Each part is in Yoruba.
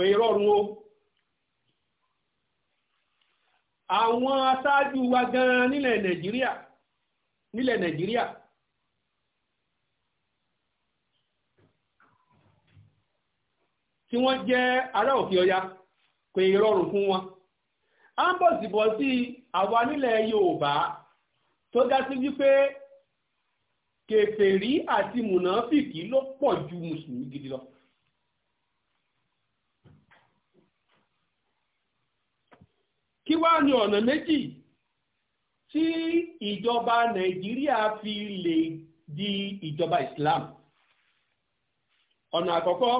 kò yẹ rọrùn o àwọn aṣáájú wa gan nílẹ̀ nàìjíríà nílẹ̀ nàìjíríà tí wọ́n jẹ́ ará òkè ọya kò yẹ rọrùn fún wọn a ń bọ̀ síbọ̀ sí àwa nílẹ̀ yorùbá tó dá sí wípé kèfèrí àti mùnàfìkì ló pọ̀ ju mùsùlùmí gidi lọ. kí wá ní ọ̀nà méjì tí ìjọba nàìjíríà fi lè di ìjọba islam ọ̀nà àkọ́kọ́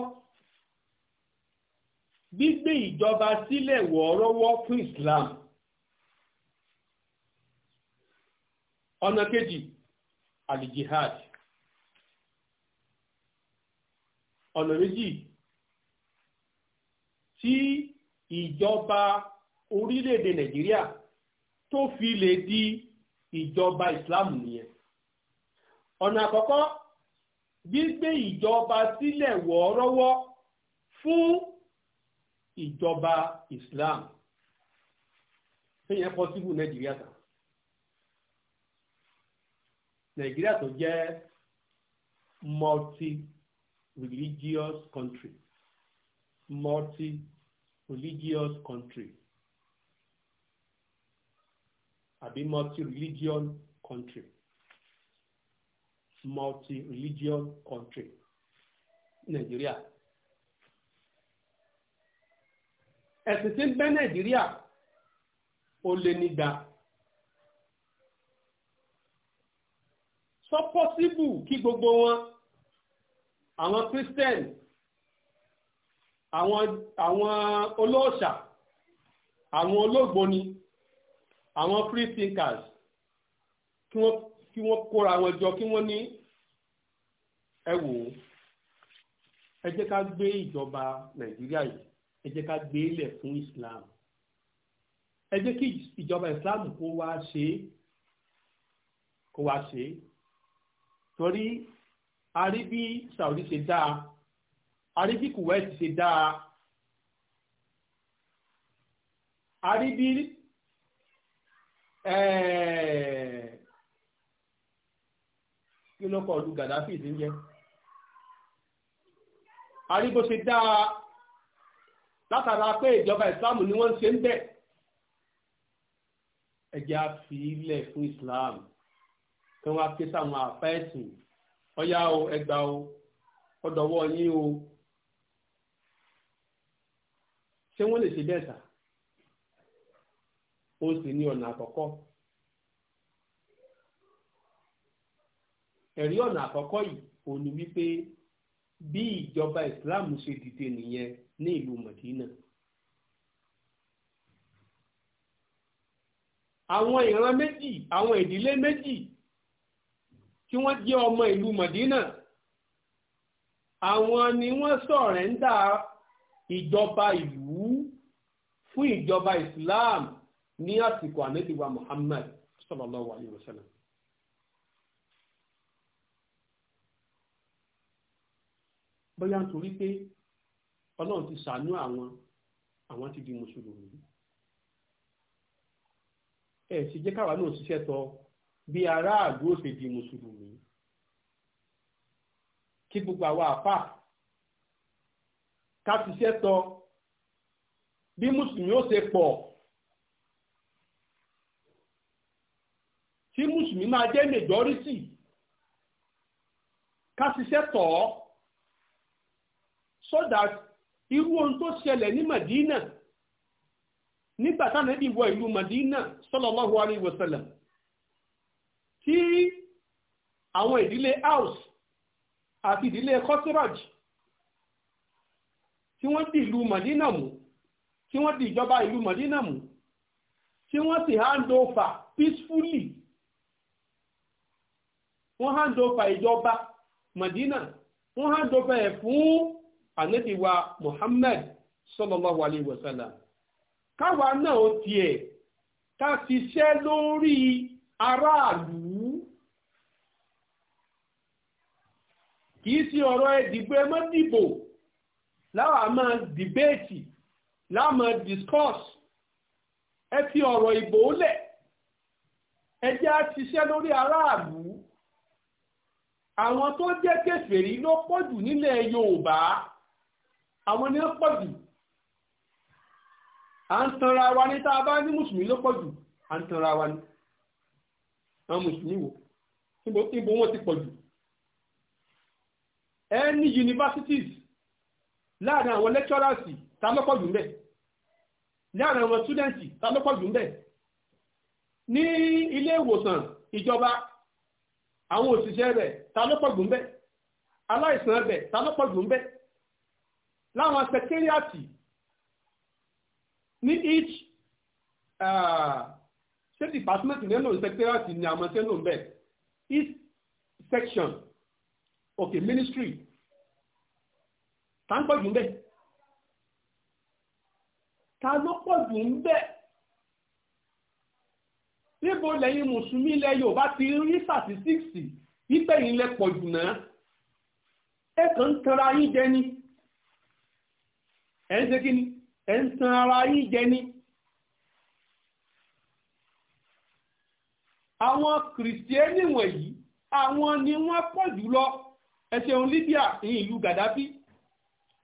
gbígbé ìjọba sílẹ̀ wọ̀ọ́rọ́wọ́ fún islam ọ̀nà kejì alijihad ọ̀nà méjì tí ìjọba orílẹ̀-èdè nàìjíríà tó fi lè di ìjọba islam nìyẹn ọ̀nà àkọ́kọ́ gbígbé ìjọba sílẹ̀ wọ́ọ́rọ́wọ́ fún ìjọba islam fẹ́yẹn pọ́sibú nàìjíríà tán nàìjíríà tó jẹ́ multi-religious country multi-religious country àbí multi-religion country multi-religion country nàìjíríà ẹ̀sìn tí ń bẹ nàìjíríà ó lé nígbà sọ pọ́síbù kí gbogbo wọn àwọn christian àwọn àwọn olóòṣà àwọn olóògbóni àwọn free thinkers kí wọ́n kí wọ́n kóra wọn jọ kí wọ́n ní ẹ wò ó ẹ jẹ́ ká gbé ìjọba nàìjíríà yìí ẹ jẹ́ ká gbé ilẹ̀ e fún islam ẹ jẹ́ kí ìjọba islam kó wá ṣe é kó wá ṣe é torí a rí bí saudi ṣe dáa a rí bí kuwait ṣe dáa a rí bí Eh, kí ló kọ ọdún Gaddafi ti ń jẹ́ àríbó dáa látara pé ìjọba ìsìláàmù ni wọn ṣe ń a fi le fún islam kí wọ́n ké sáwọn àfẹ́sìn ọyá o ẹgbà o ọdọ̀wọ́ yín o ṣé wọ́n lè ṣe bẹ́ẹ̀ sáà. ó sì ní ọ̀nà àkọ́kọ́ ẹ̀rí ọ̀nà àkọ́kọ́ yìí ò wípé bí ìjọba Islam ṣe dìde nìyẹn ní ìlú Madina àwọn ìran méjì àwọn ìdílé méjì tí wọ́n jẹ́ ọmọ ìlú Madina àwọn ni wọ́n sọ̀rẹ́ńdà ìjọba ìlú fún ìjọba Islam ní àsìkò ànábì Muhammad sallallahu alayhi wa sallam. bóyá nítorí pé ọlọ́run ti ṣàánú àwọn àwọn ti di mùsùlùmí ẹ̀ sì jẹ́ káwa náà ṣiṣẹ́ tọ bí aráàlú ó ṣe di mùsùlùmí kí gbogbo àwa ka ká ṣiṣẹ́ tọ bí mùsùlùmí ó ṣe pọ̀. mùsùlùmí máa jẹ́ mẹjọ́rítì ká ṣiṣẹ́ tọ̀ ọ́ so that irú ohun tó ṣẹlẹ̀ ní Madina nígbà táwọn ẹbí wọ ìlú Madina sallallahu alaihi wasallam tí àwọn ìdílé house àti ìdílé kọ́síràj tí wọ́n di ìlú Madina mú tí wọ́n di ìjọba ìlú Madina mú tí wọ́n sì hand over peacefully wọ́n hand over ìjọba Madina wọ́n hand ẹ̀ fún ànẹ́tìwa Muhammad sallallahu alayhi wa káwa náà ó tiẹ̀ ká ṣiṣẹ́ lórí aráàlú ṣe ọ̀rọ̀ ìdìbò ẹ mọ́ dìbò láwa máa láwa máa discuss ọ̀rọ̀ ìbò lẹ̀ ẹ jẹ́ àwọn tó jẹ́ kèfèrí ló pọ̀jù nílẹ̀ Yorùbá àwọn ni ó pọ̀jù à ń tanra wa ní tá a bá ní mùsùlùmí ló pọ̀jù à ń tanra wa ní àwọn mùsùlùmí wò ibo wọn ti pọ̀jù ẹni universities láàrin àwọn lecturers ta ló pọ̀jù ń bẹ̀ láàrin àwọn students ta ló pọ̀jù ń bẹ̀ ní ilé ìwòsàn ìjọba àwọn òṣìṣẹ́ rẹ̀ ta ló pọ̀ jù ń bẹ̀ aláìsàn rẹ̀ ta ló pọ̀ jù ń bẹ̀ láwọn sẹkẹ́ríàtì ní each ṣé department nínú sẹkẹ́ríàtì ni àwọn ṣẹ́ ń bẹ̀ each section of ok ministry ta ló pọ̀ jù ń bẹ̀ ta ló pọ̀ ń bẹ̀ níbo lẹ́yìn mùsùlùmí ilẹ̀ Yorùbá ti rí sàtísíkìsì pípẹ́ yìí lẹ pọ̀ jù náà ẹ kàn ń tanra yín jẹ ni ẹ ń ṣe kí ni ẹ ń tan ara yín jẹ ni. àwọn kìrìsìtẹ́nì wọ̀nyí àwọn ni wọ́n pọ̀ jù lọ Libya ní ìlú Gaddafi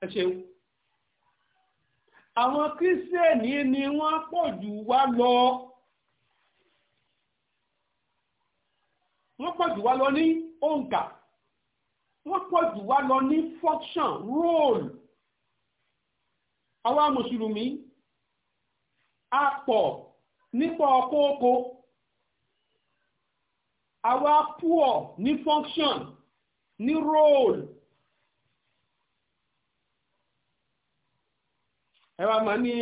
ẹ ṣeun àwọn kìrìsìtẹ́nì ni wọ́n pọ̀ jù wá lọ. wọ́n pọ̀ jù wá lọ ní òǹkà wọ́n pọ̀ jù wá lọ ní function role àwa mùsùlùmí a pọ̀ nípa ọkọ̀ọ̀kọ̀ àwa pọ̀ ní function ní role ẹ wá máa ní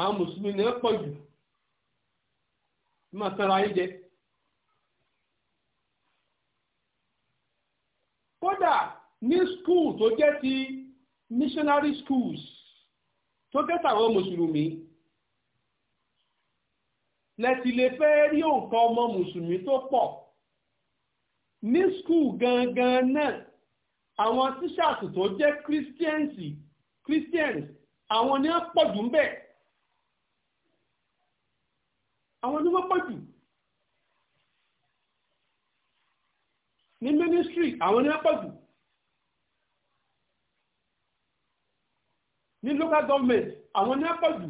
àwọn mùsùlùmí ní ẹ pọ̀ jù máa tanra yín jẹ. kódà ní school tó jẹ́ ti missionary schools tó jẹ́ tàwọn mùsùlùmí lẹ́tì lè fẹ́ rí nǹkan ọmọ mùsùlùmí tó pọ̀ ní school gangan náà àwọn tíṣàtù tó jẹ́ christians christians àwọn ni wọ́n pọ̀ jù ń bẹ̀ àwọn ni wọ́n pọ̀ jù ní mínísírì àwọn ní apọ̀jù ní local government àwọn ní apọ̀jù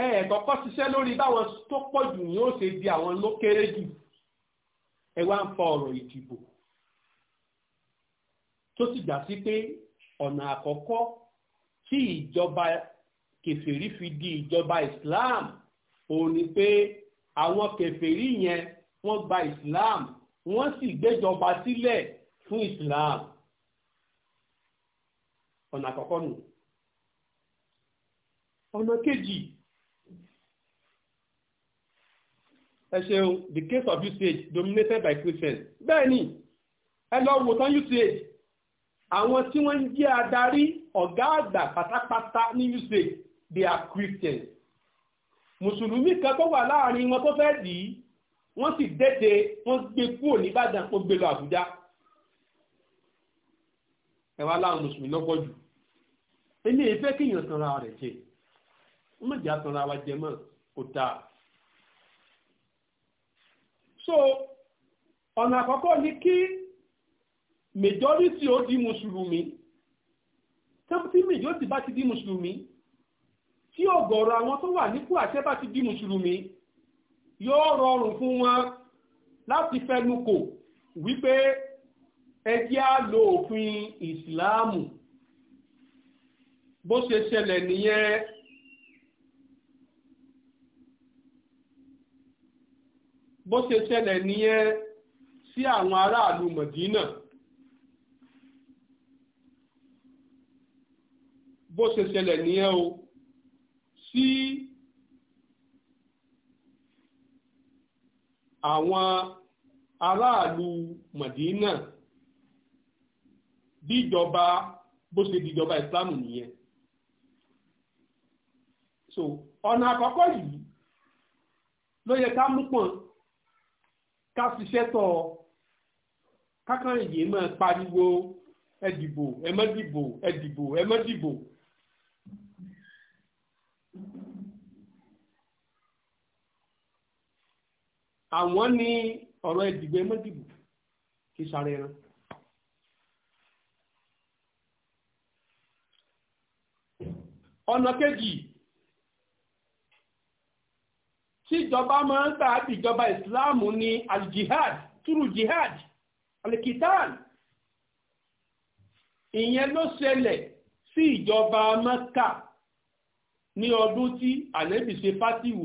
ẹ kọ́kọ́ ṣiṣẹ́ lórí báwọn tó pọ̀ jù ni ó ṣe di àwọn ló kéré jù ẹ wá ń fa ọ̀rọ̀ ìdìbò tó sì já sí pé ọ̀nà àkọ́kọ́ tí ìjọba kèfèrí fi di ìjọba Islam òun ni pé àwọn kèfèrí yẹn wọ́n gba Islam wọ́n sì gbéjọba sílẹ̀ fún Islam ọ̀nà àkọ́kọ́ nù ọ̀nà kejì ẹ ṣeun the case of usage dominated by Christians bẹ́ẹ̀ ni ẹ lọ wò tán usage àwọn tí wọ́n ń jẹ́ adarí ọ̀gá àgbà pátápátá ní usage they are Christians mùsùlùmí kan tó wà láàrin wọn tó fẹ́ dì í wọ́n sì dẹ́tẹ̀ wọ́n gbé kúrò nìbàdàn wọ́n gbé lọ àbújá ẹ̀wà láwọn mùsùlùmí lọ́pọ̀ jù ẹni ìfẹ́ kíyàn tanra rẹ̀ jẹ wọ́n jà tanra wa jẹ mọ́ kò dáa so ọ̀nà àkọ́kọ́ ni kí majority ó di mùsùlùmí tí majority bá ti di mùsùlùmí tí ọ̀gọ̀rọ̀ àwọn tó wà nípò àṣẹ bá ti di mùsùlùmí yóò rọrùn fún wọn láti fẹnukò wípé ẹjẹ́ á lo òfin ìsìláàmù bó ṣe ṣẹlẹ̀ nìyẹn bó ṣe ṣẹlẹ̀ nìyẹn sí àwọn aráàlú mọ̀dínà bó ṣe ṣẹlẹ̀ nìyẹn o sí àwọn aráàlú Mọ̀dínà díjọba bó ṣe díjọba ìsìlámù nìyẹn so ọ̀nà àkọ́kọ́ yìí ló yẹ ká mú pọ̀n ká ṣiṣẹ́ tọ̀ kákan yìí máa pariwo ẹ dìbò ẹ má dìbò ẹ dìbò ẹ àwọn ní ọ̀rọ̀ ìdìbò mọ́dìbò kì í sáré ẹran. ọ̀nà kejì tíjọba máa ń gbà àbíjọba ìsìláàmù ní al-jihad túrú jihad alikitan ìyẹn ló ṣẹlẹ̀ sí ìjọba mẹ́kà ní ọdún tí ànábì ṣe fátìwù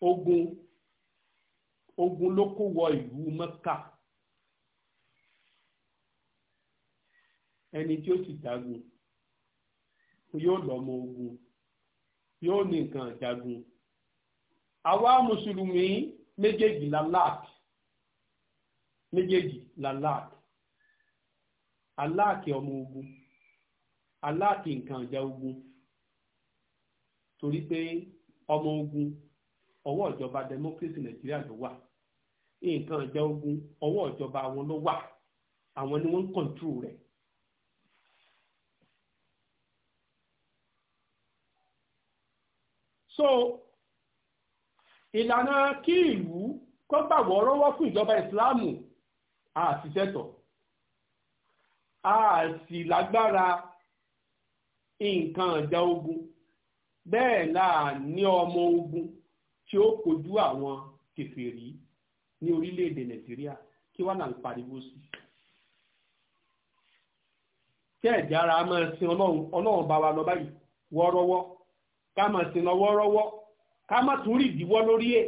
ogun ogun ló kó wọ ìlú mẹ́kà ẹni tí ó sì jagun yóò lọ́mọ ogun yóò ní nǹkan jagun àwa mùsùlùmí méjèèjì làláàkì méjèèjì làláàkì aláàkì ọmọ ogun aláàkì nǹkan ìjà ogun torí pé ọmọ ogun ọwọ́ ìjọba democracy nàìjíríà ló wà nǹkan ìjà ogun ọwọ́ ìjọba àwọn ló wà àwọn ni wọ́n ń kọ̀ǹtù rẹ̀. so ìlànà kí ìlú kó gbàgbọ́ rọ́wọ́ fún ìjọba ìsìláàmù àṣìṣẹ́tọ̀ àṣìlágbára nǹkan ìjà ogun bẹ́ẹ̀ náà ní ọmọ ogun tí ó kojú àwọn kèfèrí ní orílẹ̀-èdè nàìjíríà kí wọ́n náà ń pariwo sí. tẹ́ ẹ̀ jára a máa sin ọlọ́run bá wa lọ báyìí wọ́ọ́rọ́wọ́ ká máa sin lọ wọ́ọ́rọ́wọ́ ká má tún rí ìdíwọ́ lórí ẹ̀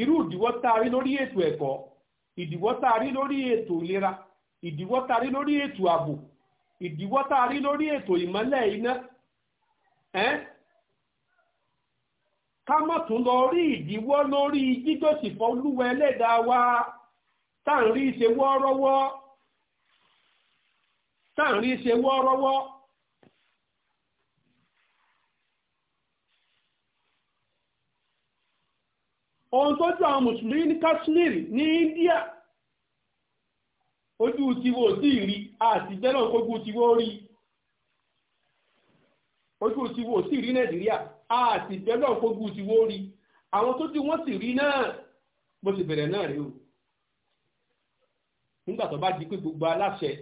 irú ìdíwọ́ tá a rí lórí ètò ẹ̀kọ́ ìdíwọ́ tá a rí lórí ètò ìlera ìdíwọ́ tá a rí lórí ètò ààbò ìdíwọ́ tá a rí lórí ètò ìmọ́lẹ̀ iná ká má tún lọ rí ìdíwọ́ lórí jíjọ́sìfọ́ olúwa ẹlẹ́dàá wa tá à ń rí ṣe wọ́ọ́rọ́wọ́ tá à ń rí ṣe wọ́ọ́rọ́wọ́. ohun tó jọ àwọn mùsùlùmí ní kashmir ní India ojú tiwo sí a sì bẹ́ẹ̀ náà kógun ti wó rí àwọn tó ti wọ́n sì rí náà bó ti bẹ̀rẹ̀ náà rí o nígbà tó bá di pé gbogbo aláṣẹ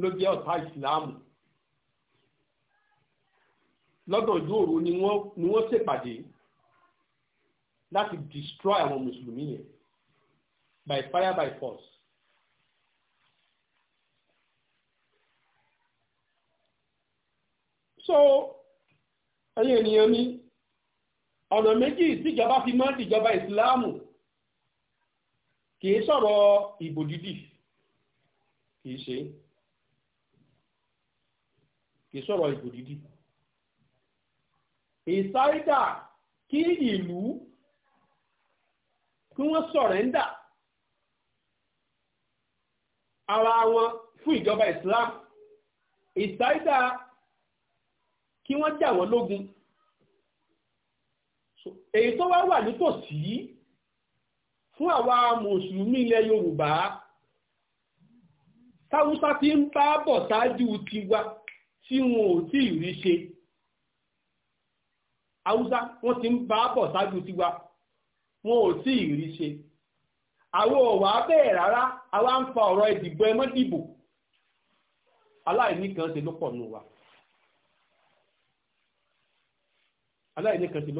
ló jẹ́ ọ̀tá ìsìláàmù lọ́dọ̀ ìdóòrò ni wọ́n ṣèpàdé láti destroy àwọn mùsùlùmí yẹn by fire by force. so ẹ̀yin ènìyàn mi ọ̀nà méjì tíjọba fi mọ́ ìjọba ìsìláàmù kìí sọ̀rọ̀ ìbò dídì kìí ṣe kìí sọ̀rọ̀ ìbò dídì ìsáídà kí ìlú kí wọ́n sọ̀rẹ́ńdà ara wọn fún ìjọba ìsìláàmù ìsáídà kí wọ́n jà wọ́n lógun èyí tó wá wà nítòsí fún àwa mùsùlùmí ilẹ̀ Yorùbá táwùsá ti ń bá bọ̀ ṣáájú tiwa tí wọn ò tí ì rí ṣe haúsá wọ́n ti ń bá bọ̀ ṣáájú tiwa wọn ò tí ì rí ṣe àwọn ọ̀wà bẹ́ẹ̀ rárá àwa ń fa ọ̀rọ̀ ìdìbò ẹmọ́dìbò aláìníkan ṣe ló nù wa. aláìní kan sì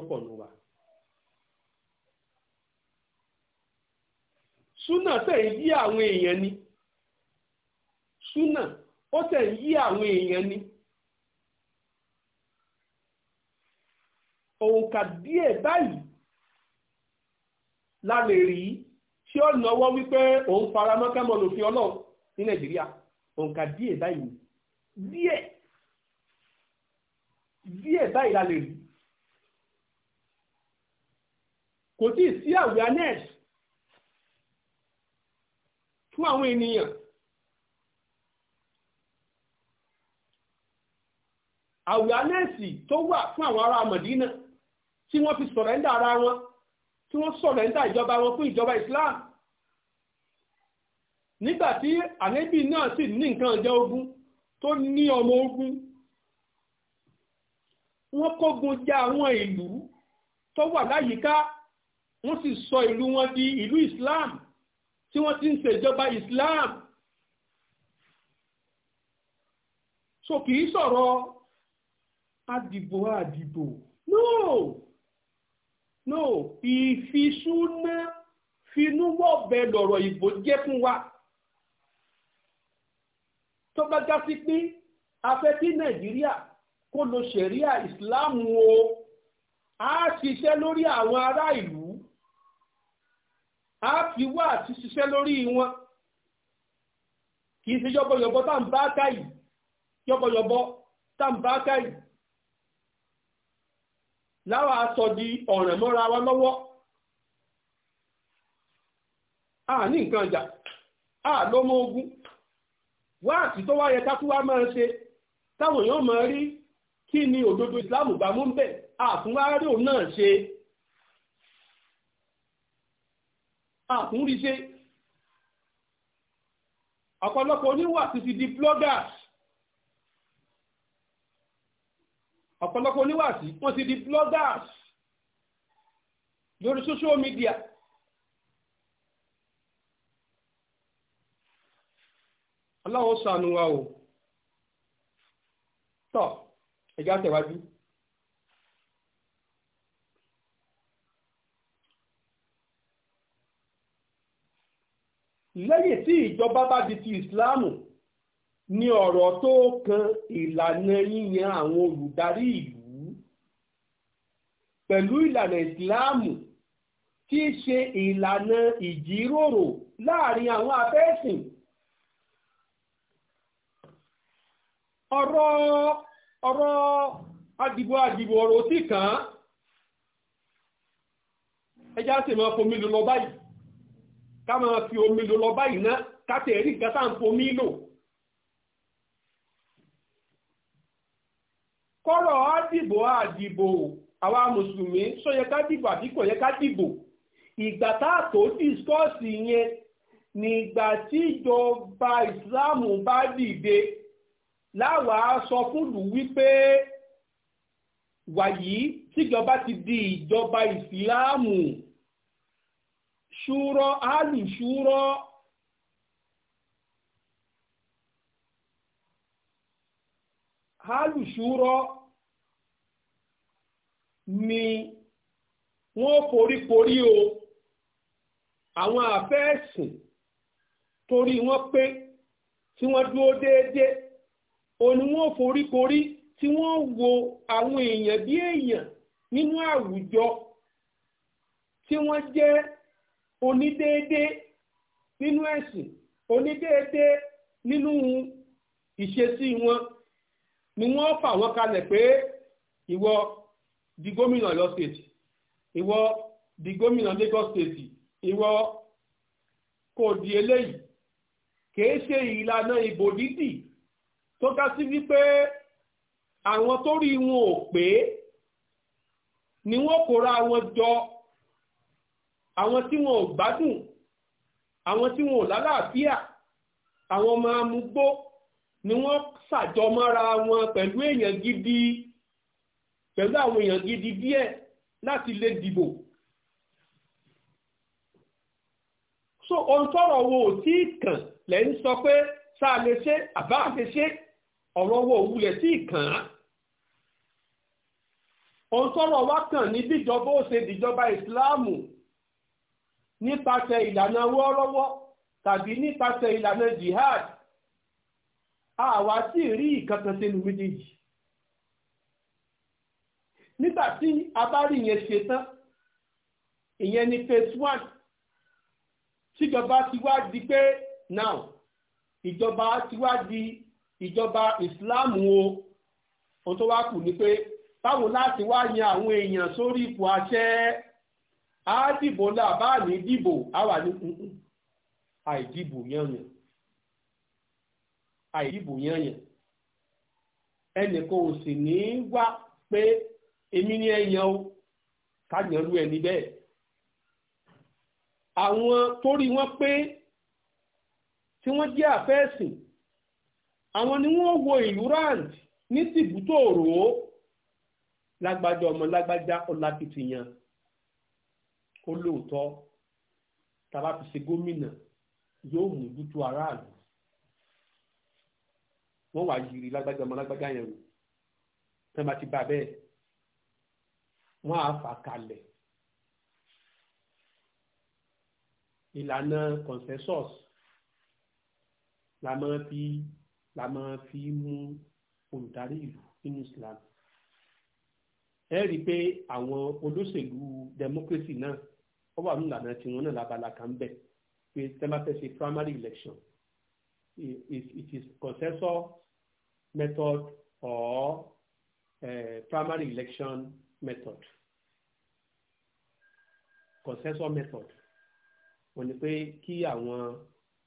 ló pọ̀ yí àwọn èèyàn ni súnà ó tẹ̀ ń yí àwọn ni. òǹkà díẹ̀ báyìí la lè rí tí ó náwó wípé òun faramọ́ kẹ́mọ́ lòfin ọlọ́run ní nàìjíríà òǹkà díẹ̀ báyìí díẹ̀ díẹ̀ báyìí kò tí ì sí awareness fún àwọn ènìyàn awareness tó wà fún àwọn ará Mọ̀dínà tí wọ́n fi sọ̀rẹ́ndà ara wọn tí wọ́n sọ̀rẹ́ndà ìjọba wọn fún ìjọba Islam nígbàtí ànẹ́bì náà sì ní nǹkan ọjọ́ ogun tó ní ọmọ ogun wọ́n kógun já àwọn ìlú tó wà láyìíká wọ́n sì sọ ìlú wọn di ìlú Islam tí wọ́n ti ń ṣèjọba Islam so kì í sọ̀rọ̀ àdìbò àdìbò no no ìfisúná finúwọ̀bẹ lọ̀rọ̀ ìbò jẹ́ fún wa tó bá já sí pé a fẹ́ kí Nàìjíríà kó lo ṣẹ̀ríà ìsìláàmù o a ṣiṣẹ́ lórí àwọn ará ìlú á fi wá àti ṣiṣẹ́ lórí wọn kì í ṣe yọbọyọbọ tá à ń bá káyì yọbọyọbọ tá à ń bá káyì láwa sọ di ọ̀ràn mọ́ra wa lọ́wọ́ a ní nǹkan ìjà a ló mọ ogun wá àti tó wáyẹ ká tó wá máa ṣe táwọn èèyàn máa rí kí ni òdodo ìsìláàmù bá mú bẹ́ẹ̀ àtúnwárí òun náà ṣe àkúnrí ṣe ọ̀pọ̀lọpọ̀ oníwà ti ti di bloggers ọ̀pọ̀lọpọ̀ oníwà sí wọ́n ti di bloggers lórí social media Allah ó ṣàánú wa o tọ́ ẹ̀já tẹ̀wájú. lẹ́yìn tí ìjọba bá di ti ìsìláàmù ni ọ̀rọ̀ tó kan ìlànà yíyan àwọn olùdarí ìlú pẹ̀lú ìlànà ìsìláàmù tí í ṣe ìlànà ìjíròrò láàrin àwọn afẹ́sìn ọ̀rọ̀ ọ̀rọ̀ adìbò adìbò ọ̀rọ̀ tí kàn án ẹjá sì máa fomi lọ báyìí ká máa fi omi lò lọ báyìí ná ká tẹ̀ rí nǹkan tá à ń fomi lò. kọ́rọ̀ á dìbò á dìbò àwa mùsùlùmí sọ yẹ ká dìbò àbí kò yẹ ká dìbò ìgbà tá a tó dìskọ́ọ̀sì yẹn nígbà tí ìjọba ìsìláàmù bá dìde láwàá sọ fúlù wípé wàyí tíjọba ti di ìjọba ìsìláàmù. ṣúrọ́ áàlù ṣúrọ́ áàlù ṣúrọ́ ni wọ́n foríkorí o àwọn àfẹ́ẹ̀sìn torí wọn pé tí wọ́n dúró déédéé òní forí foríkorí tí wọ́n wo àwọn èèyàn bí èèyàn nínú àwùjọ tí wọ́n jẹ́ onídéédé nínú ẹ̀sìn onídéédé nínú ìṣesí wọn ni wọ́n fà wọ́n kalẹ̀ pé ìwọ di gómìnà lọ state ìwọ di gómìnà Lagos state ìwọ kò di eléyìí kìí ṣe ìlànà ìbò dídì tó ká sí wípé àwọn tó rí wọn ò pé ni wọ́n kóra wọn jọ àwọn tí wọn ò gbádùn àwọn tí wọn ò lálàáfíà àwọn ọmọ amúgbó ni wọ́n ṣàjọmọ́ra wọn pẹ̀lú èèyàn gidi pẹ̀lú àwọn èèyàn gidi díẹ̀ láti lè dìbò so ohun tọrọ wo ò tí ì kàn lẹ́ ń sọ pé sáà lè ṣe àbá lè ṣe ọ̀rọ̀ wo òwúlẹ̀ tí kàn án ohun tọrọ wá kàn ní bíjọba ó ṣe dìjọba ìsìláàmù nípasẹ̀ ìlànà wọ́ọ́rọ́wọ́ tàbí nípasẹ̀ ìlànà jihad àwa sì rí ìkankan sínú méjèèjì nígbà tí a bá rí ìyẹn ṣe tán ìyẹn ni phase one tíjọba ti wá di pé now ìjọba ti wá di ìjọba Islam o ohun tó wá kù ni pé báwo láti wá yan àwọn èèyàn sórí ipò àṣẹ á dìbò ńlá bá ní dìbò á wà ní mm, mm. àìdìbò yányàn àìdìbò yányàn ẹnìkan ò sì ní wá pé èmi ni ẹ̀yàn o káyànlú ẹni bẹ́ẹ̀ àwọn torí wọn pé tí wọ́n jẹ́ àfẹ́ẹ̀sìn àwọn ni wọ́n wo ìlú rand ní tìbútòòrò lágbájá ọmọ lágbájá ọlápìtìyàn ó lóòótọ́ tàbá fi ṣe gómìnà yóò mú dúdú aráàlú wọ́n wá yiri lágbájá ọmọ lágbájá yẹn wò tẹ́ bá ti bá bẹ́ẹ̀ wọ́n á fà kalẹ̀ ìlànà consensus la máa fi la máa fi mú olùdarí ìlú nínú Islam ẹ rí i pé àwọn olóṣèlú democracy náà ó wà nínú ìlànà tiwọn náà lábala kan bẹ̀ pé tẹ́lifásẹ́ ṣe primary election it, is consensus method or uh, primary election method consensus method wọ́n ní pé kí àwọn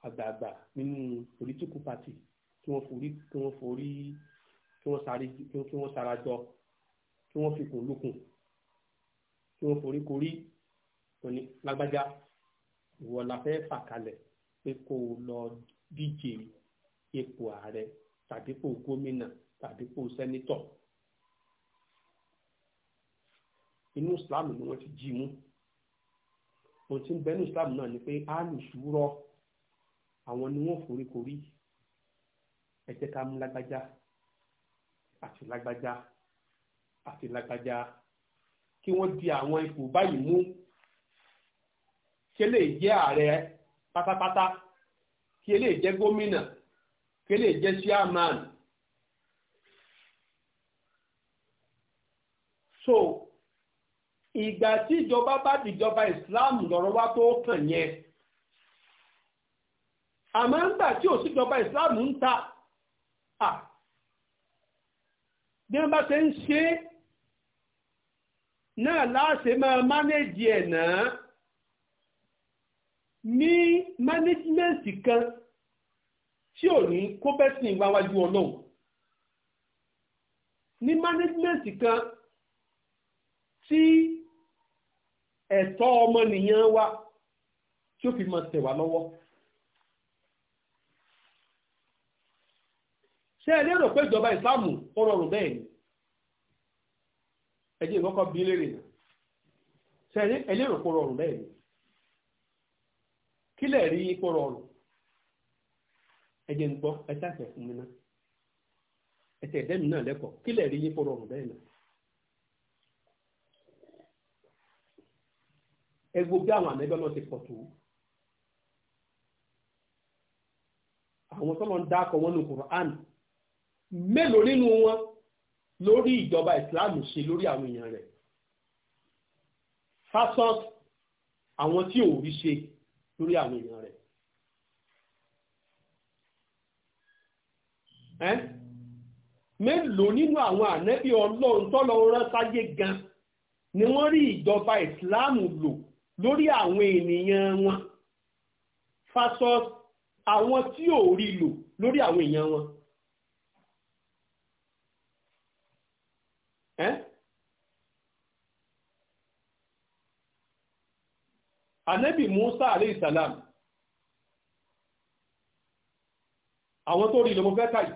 àgbààgbà nínú political party kí wọ́n forí kí wọ́n forí kí wọ́n sáré kí wọ́n sarajọ kí wọ́n fikùn lukùn kí wọ́n forí korí òní lágbájá ìwọ la fẹ́ fà kalẹ̀ pé kó o lọ díje ipò ààrẹ tàbí kó o gómìnà tàbí kó o sẹ́nítọ̀ inú islam ni wọ́n ti jí mú ohun tí ń bẹ inú islam náà ni pé alùsùúrọ̀ àwọn ni wọ́n foríkorí ẹ jẹ́ ká mú lágbájá àti lágbájá àti lágbájá kí wọ́n di àwọn ipò báyìí mú kí eléyìí jẹ́ ààrẹ pátápátá kí eléyìí jẹ́ gómìnà kí eléyìí chairman. so ìgbà tí ìjọba bá dìjọba Islam lọ́rọ̀ wá tó kàn yẹn àmọ́ ńgbà tí ò síjọba Islam ń ta bí wọ́n bá ṣe ń ṣe náà láṣẹ máa mánéjì ẹ̀ náà ní mánéjìmẹ́ǹtì kan tí ò ní kó bẹ́sìn ìwáwájú ọlọ́run ní mánéjìmẹ́ǹtì kan tí ẹ̀tọ́ ọmọnìyàn wa tí ó fi máa tẹ̀ wá lọ́wọ́. ṣé ẹ lérò pé ìjọba ìsìláàmù ó rọrùn bẹ́ẹ̀ ni ẹ̀jẹ̀ ìkọ́kọ́ bí lérè náà ṣé ẹ lérò pé ó rọrùn bẹ́ẹ̀ ni kí lè rí ipò rọrùn ẹ jẹ́ ń gbọ́ ẹ ṣàṣẹ fún mi náà ẹ tẹ̀ ẹ̀dẹ́mi náà lẹ́kọ̀ọ́ kí lè rí ipò rọrùn bẹ́ẹ̀ náà. ẹ wo bí àwọn àmẹ́gbẹ́ náà ti pọ̀ tó àwọn tó lọ ń dákọ̀ wọn ní Qur'an mélòó nínú wọn lórí ìjọba ìsìláàmù ṣe lórí àwọn èèyàn rẹ̀ fásọ́s àwọn tí ò rí ṣe lórí àwọn èèyàn rẹ̀. ẹ́ mélòó nínú àwọn ànẹ́bí ọlọ́run tọ́lọ rán sáyé gan ni wọ́n rí ìjọba ìsìláàmù lò lórí àwọn ènìyàn wọn fásọ àwọn tí ò rí lò lórí àwọn èèyàn wọn. ànábì Musa alayhi salam àwọn tó rí lọ mo fẹ́ kàyí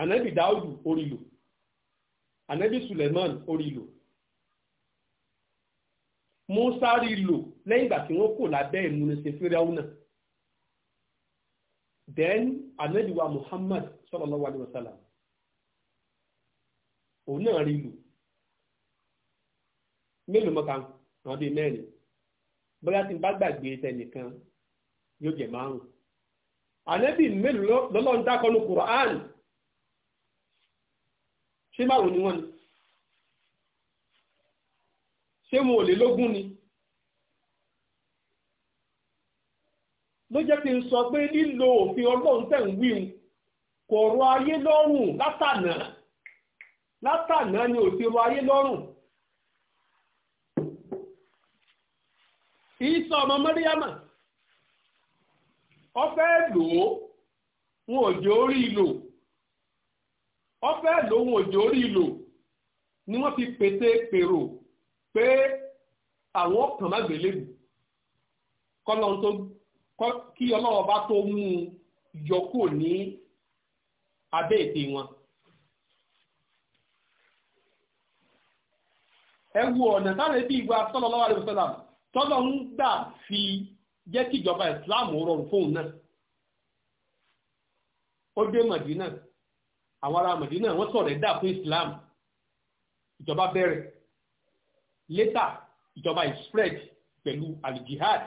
ànábì Dáúdù orí lò ànábì Suleiman orí lò Musa rí lò lẹ́yìn ìgbà tí wọ́n kò lábẹ́ ìmúnisẹ̀ fíráwù náà then ànábì wa Muhammad sallallahu alayhi wa sallam òun náà rí lò mélòó mọ́ka àwọn bíi mẹ́rin bóyá tí n bá gbàgbé tẹnìkan yóò jẹ márùn ànábì mélòó lọ́lọ́ ń dákọ́ ní Quran ṣé márùn ni wọ́n ni ṣé mo ò lè lógún ni ló jẹ́ kí n sọ pé lílo òfin ọlọ́run tẹ̀ ń wíhun kò rọ ayé lọ́rùn látànà látànà ni òfin rọ ayé lọ́rùn. ìsọ ọmọ mọ́ríyámà ó fẹ́ lò wọn orí ìlò ó fẹ́ wọn orí ìlò ni wọ́n fi pété pèrò pé àwọn kàn má gbélébù tó kí ọlọ́wọ́ bá tó mú un yọ kúrò ní abẹ́ wọn. ẹ wo ọ̀nà táwọn ẹbí ìwà Sọlọ tọ́lọ̀ ń gbà fi jẹ́ kí ìjọba ìsìláàmù rọrùn fóun náà ó dé mọ̀dínà àwọn ará mọ̀dínà wọ́n sọ̀rọ̀ ẹ̀dá fún ìsìláàmù ìjọba bẹ̀rẹ̀ létà ìjọba ìspread pẹ̀lú alijihad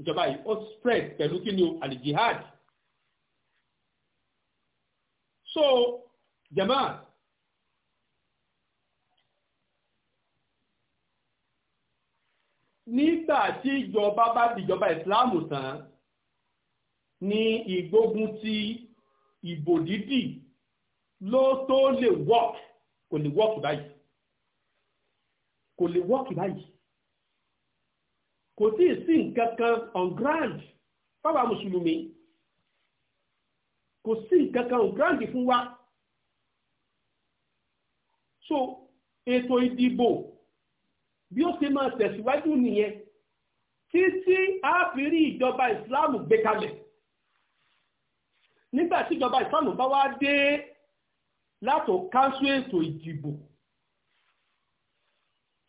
ìjọba yìí ó spread pẹ̀lú kí ni o alijihad so jama nígbà tí ìjọba bá dìjọba ìsìláàmù tán ni ìgbógun ti ìbò dídì ló tó lè work kò lè work báyìí kò lè work báyìí kò tí sí nǹkan kan on ground fáwa mùsùlùmí kò sí nǹkan kan on ground fún wa so ètò ìdìbò bí ó ṣe máa tẹ̀síwájú nìyẹn títí a fi rí ìjọba ìsìláàmù gbé kalẹ̀ nígbà tí ìjọba ìsìláàmù bá wá dé látò káńsù ètò ìdìbò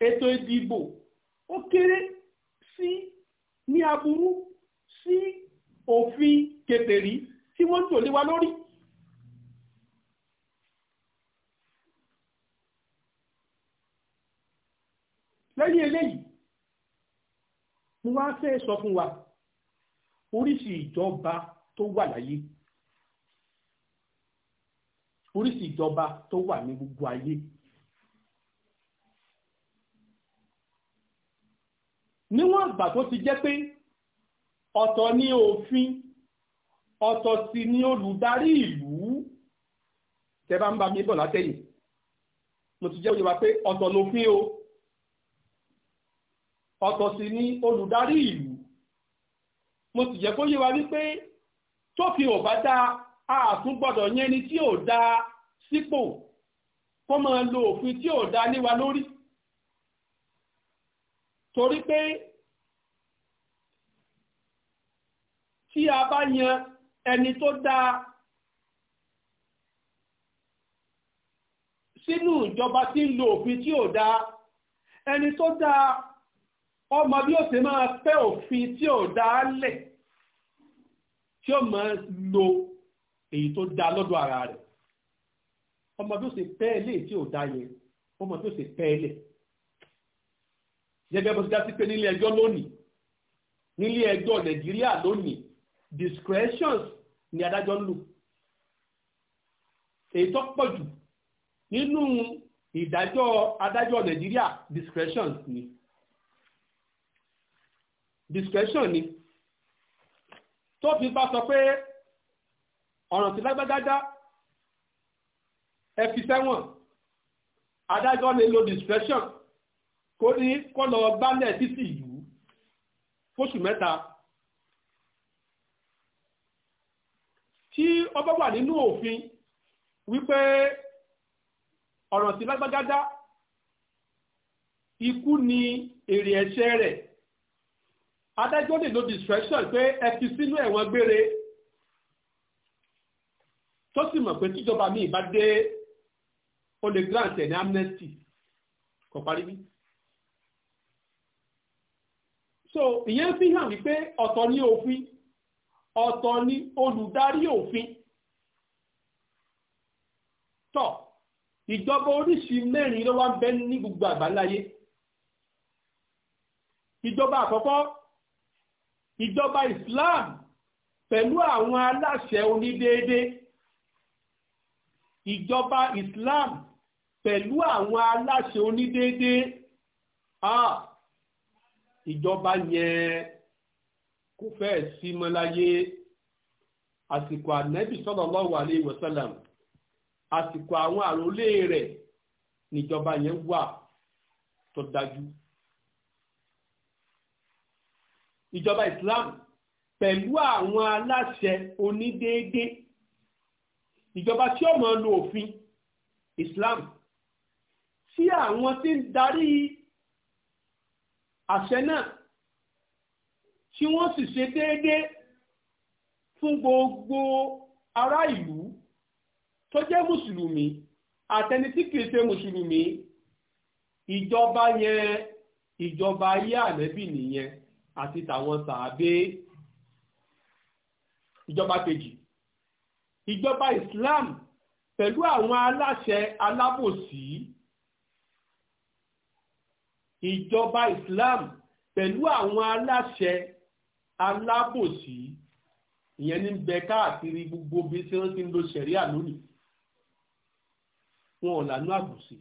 ètò ìdìbò ó kéré sí ní aburú sí òfin kèfèrí tí wọ́n ń tò lé wa lórí. lẹ́yìn eléyìí mo wá fẹ́ sọ fún wa oríṣi ìjọba tó wà láyé oríṣi ìjọba tó wà ní gbogbo ayé níwọ̀n àgbà tó ti jẹ́ pé ọ̀tọ̀ ni òfin ọ̀tọ̀ sì ni olùdarí ìlú tẹ́ bá ń bá mi bọ̀ látẹ̀yìn mo ti jẹ́ òye wa pé ọ̀tọ̀ lòfin o ọ̀tọ̀ sì ni olùdarí ìlú mo sì jẹ́ kó yé wa wípé tófin ò bá dáa ààtún gbọ́dọ̀ yẹn ni tí ò dáa sípò kó máa lo òfin tí ò dáa níwa lórí torí pé tí a bá yan ẹni tó dáa sínú ìjọba tí ń lo òfin tí ò dáa ẹni tó dáa ọmọ bí ó ti máa pẹ́ òfin tí ò dáa lẹ̀ tí ó máa lo èyí tó dáa lọ́dọ̀ ara rẹ̀ ọmọ bí ó ṣe pẹ́ ilé tí ò dáa yẹn ọmọ bí ó ṣe pẹ́ ilé gẹ́gẹ́ bó ti dá sí pé nílé ẹjọ́ lónìí nílé ẹjọ́ nàìjíríà lónìí discretions ni adájọ́ ń lò èyí tó pọ̀ jù nínú ìdájọ́ adájọ́ nàìjíríà discretions ni discretion ni tó fi bá sọ pé ọ̀ràn tí lágbádájá ẹ fi sẹ́wọ̀n adájọ́ lè lo discretion kó ní kó lọ gbálẹ̀ títì ìlú fóṣù mẹ́ta tí ọba wà nínú òfin wípé ọ̀ràn tí lágbádájá ikú ni èrè ẹ̀ṣẹ̀ rẹ̀ adájọ́ lè lo distraction pé ẹ fi sínú ẹ̀wọ̀n gbére tó sì mọ̀ pé tíjọba mi bá dé ó lè grant ẹ̀ ní amnesty kò parí bí. so ìyẹn fi hàn wípé ọ̀tọ̀ ni òfin ọ̀tọ̀ ni olùdarí òfin tọ̀ ìjọba oríṣi mẹ́rin ló wá ń bẹ ní gbogbo àgbáláyé ìjọba àkọ́kọ́ ìjọba Islam pẹ̀lú àwọn aláṣẹ onídéédé ìjọba Islam pẹ̀lú àwọn aláṣẹ onídéédé ah ìjọba yẹn kò fẹ́ sí mọ́ láyé àsìkò ànẹ́bì sallallahu alayhi wa sallam àsìkò àwọn àròlé rẹ̀ níjọba yẹn wà tó dájú. ìjọba Islam pẹ̀lú àwọn aláṣẹ onídéédé ìjọba tí ó máa lo òfin Islam tí àwọn tí ń darí àṣẹ náà tí wọ́n sì ṣe déédé fún gbogbo ará ìlú tó jẹ́ mùsùlùmí àtẹni tí kìí ṣe mùsùlùmí ìjọba yẹn ìjọba ayé àlẹ́bì nìyẹn àti tàwọn sàábé ìjọba kejì ìjọba Islam pẹ̀lú àwọn aláṣẹ alábòsí ìjọba Islam pẹ̀lú àwọn aláṣẹ alábòsí ìyẹn ní bẹ káàkiri gbogbo bí tí wọ́n ti ń lo ṣẹ̀ríà lónìí wọn ò là nínú àbòsí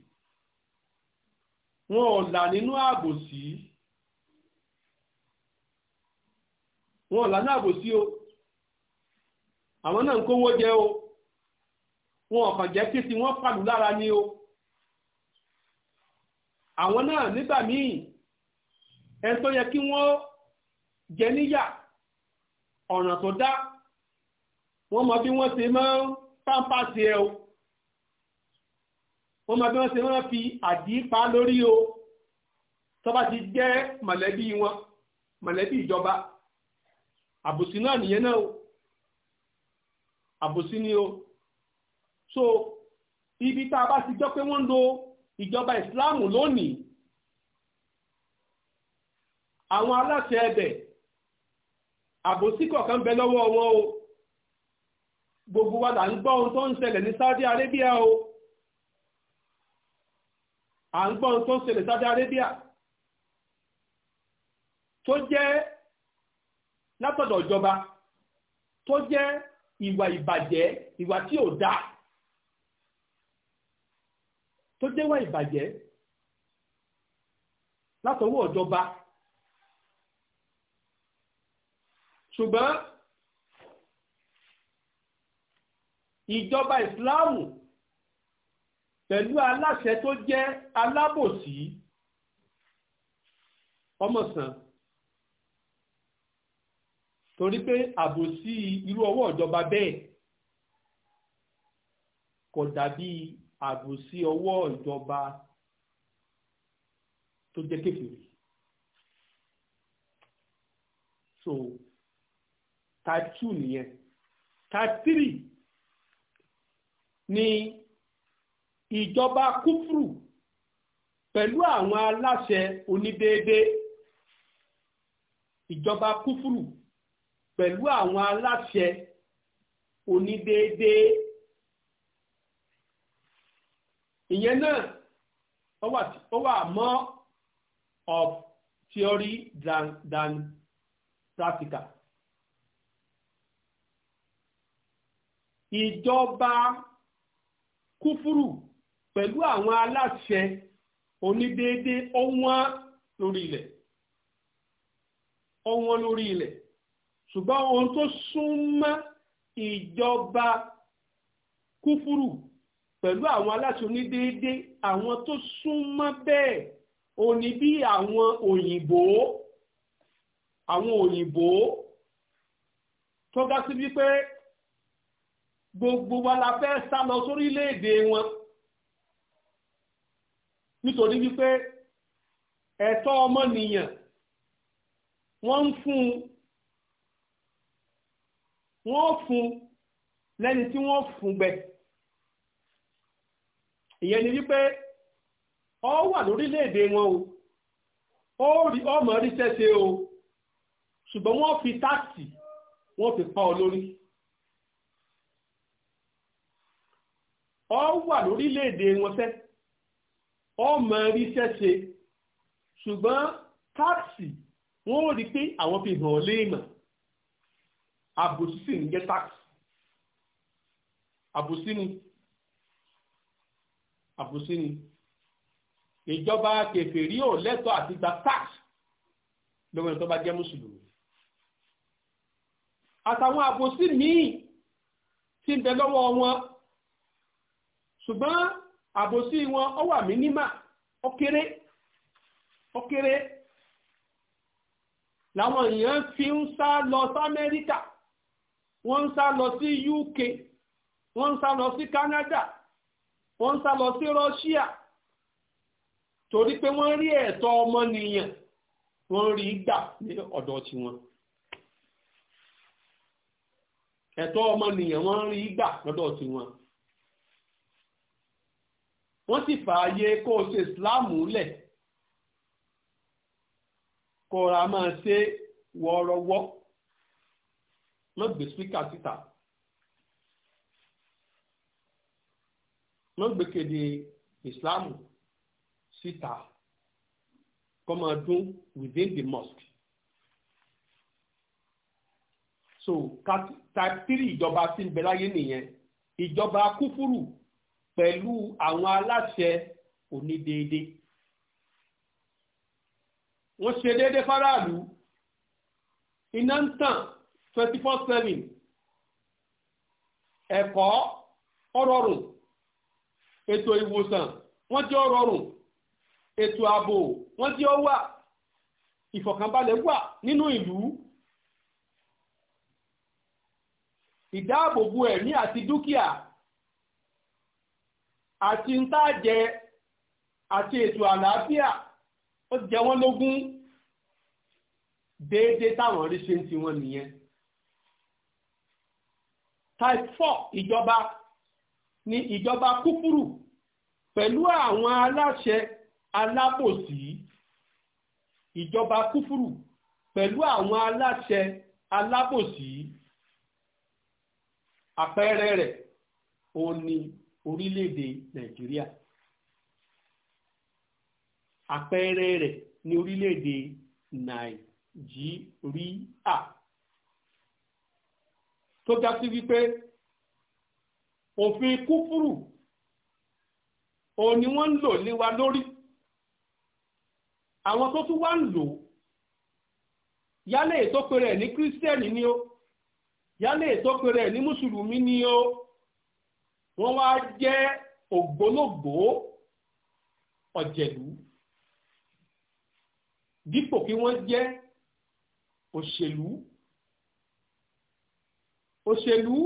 wọn ò là nínú àbòsí. wọn ò lànà àbòsí o àwọn náà ń kówó jẹ o wọn ò kàn jẹ́ kí tí wọ́n pàlù lára ni o àwọn náà nígbà míì ẹni tó yẹ kí wọ́n jẹ níyà ọ̀nà tó dá wọ́n mọ bí wọ́n ṣe máa ń pámpáṣe ẹ o wọ́n mọ bí wọ́n ṣe máa fi àdìpá lórí o tó ti jẹ́ mọ̀lẹ́bí wọn mọ̀lẹ́bí ìjọba àbòsí náà nìyẹn náà o àbòsí ni o so ibi tá a bá ti jọ pé wọ́n ń lo ìjọba ìsìláàmù lónìí àwọn aláṣẹ ẹbẹ̀ àbòsí kọ̀ọ̀kan bẹ lọ́wọ́ wọn o gbogbo wa là ń gbọ́ ohun tó ń ṣẹlẹ̀ ní Saudi Arabia o à ń gbọ́ ohun tó ń ṣẹlẹ̀ Saudi Arabia tó jẹ́ látọ̀dọ̀ ìjọba tó jẹ́ ìwà ìbàjẹ́ ìwà tí ò dáa tó jẹ́ ìwà ìbàjẹ́ látọwọ́ ìjọba ṣùgbọ́n ìjọba ìsìláàmù pẹ̀lú aláṣẹ tó jẹ́ alábòsí ọmọ sàn torí pé àbòsí irú ọwọ́ ìjọba bẹ́ẹ̀ kò dàbí àbòsí ọwọ́ ìjọba tó jẹ́ kékeré so type two nìyẹn type three ni ìjọba kúfùrù pẹ̀lú àwọn aláṣẹ onídéédé ìjọba kúfùrù pẹ̀lú àwọn aláṣẹ onídéédéé ìyẹn náà ó wà more of theory than, than practical. ìjọba kúfúrù pẹ̀lú àwọn aláṣẹ onídéédéé ó wọ́n lórí ilẹ̀ ó wọ́n lórí ilẹ̀ ṣùgbọ́n ohun tó súnmọ́ ìjọba kúfúrù pẹ̀lú àwọn aláṣẹ onídéédé àwọn tó súnmọ́ bẹ́ẹ̀ òní bí àwọn òyìnbó àwọn òyìnbó tó sí wípé gbogbo wa la fẹ́ sá lọ sórílẹ̀-èdè wọn nítorí wípé ẹ̀tọ́ ọmọnìyàn wọ́n ń fún un wọ́n fún lẹ́ni tí wọ́n fún gbẹ ìyẹn ni wípé ọ wà lórílẹ̀-èdè wọn o ó rí ọmọ rí sẹ́sẹ́ o ṣùgbọ́n wọ́n fi táàsì wọ́n fi pa ọ lórí ọ wà lórílẹ̀-èdè wọn sẹ́ ọmọ rí sẹ́sẹ́ ṣùgbọ́n táàsì wọ́n rí pé àwọn fi hàn léèmọ̀ àbòsí sì ń tax àbòsí ni àbòsí ni ìjọba kèfèrí ò lẹ́tọ̀ọ́ àti gba tax lọ́wọ́ ìtọ́ bá jẹ́ mùsùlùmí àtàwọn àbòsí míì tí ń bẹ lọ́wọ́ wọn ṣùgbọ́n àbòsí wọn ó wà mínímà ó kéré ó kéré làwọn èèyàn fi ń sá lọ sí Amẹ́ríkà. wọ́n ń sá lọ sí UK wọ́n ń sá lọ sí Canada wọ́n ń sá lọ sí Russia torí pé wọ́n rí ẹ̀tọ́ ọmọnìyàn wọ́n rí gbà ní ọ̀dọ̀ tiwọn ẹ̀tọ́ ọmọnìyàn wọ́n rí gbà lọ́dọ̀ tiwọn wọ́n sì fààyè kó o ṣe ìsìláàmù lẹ̀ kó o ra máa ṣe wọ́ọ́rọ́wọ́. má gbé spíkà síta má gbé kéde ìsìláàmù síta kó máa dún within the mosque. so type three ìjọba tí ń bẹ láyé nìyẹn ìjọba kúfúrù pẹ̀lú àwọn aláṣẹ onídéédé wọ́n ṣe déédé fáráàlú iná ń tàn twenty four seven ẹ̀kọ́ ọ̀rọ̀rùn ètò ìwòsàn wọ́n jẹ́ ọ̀rọ̀rùn ètò ààbò wọ́n jẹ́ ọ̀wà ìfọ̀kànbalẹ̀ wà nínú ìlú ìdáàbòbò ẹ̀mí àti dúkìá àti ntáàjẹ àti ètò àlàáfíà ó jẹ wọ́n lógún déédéé táwọn rí ṣe ń ti wọn nìyẹn type four ìjọba ni ìjọba kúfúrù pẹ̀lú àwọn aláṣẹ alábòsí ìjọba kúfúrù pẹ̀lú àwọn aláṣẹ alábòsí àpẹẹrẹ rẹ̀ òun ni orílẹ̀-èdè nàìjíríà àpẹẹrẹ rẹ̀ ni orílẹ̀-èdè nàìjíríà tó já sí wípé òfin kúfúrù òun ni wọ́n ń lò lé wa lórí àwọn tó tún wá ń lò yálẹ̀ ètò pẹ̀rẹ̀ ní kírísítẹ́nì ni ó yálẹ̀ ètò pẹ̀rẹ̀ ní mùsùlùmí ni ó wọ́n wá jẹ́ ògbólógbòó ọ̀jẹ̀lú dípò kí wọ́n jẹ́ òṣèlú òṣèlú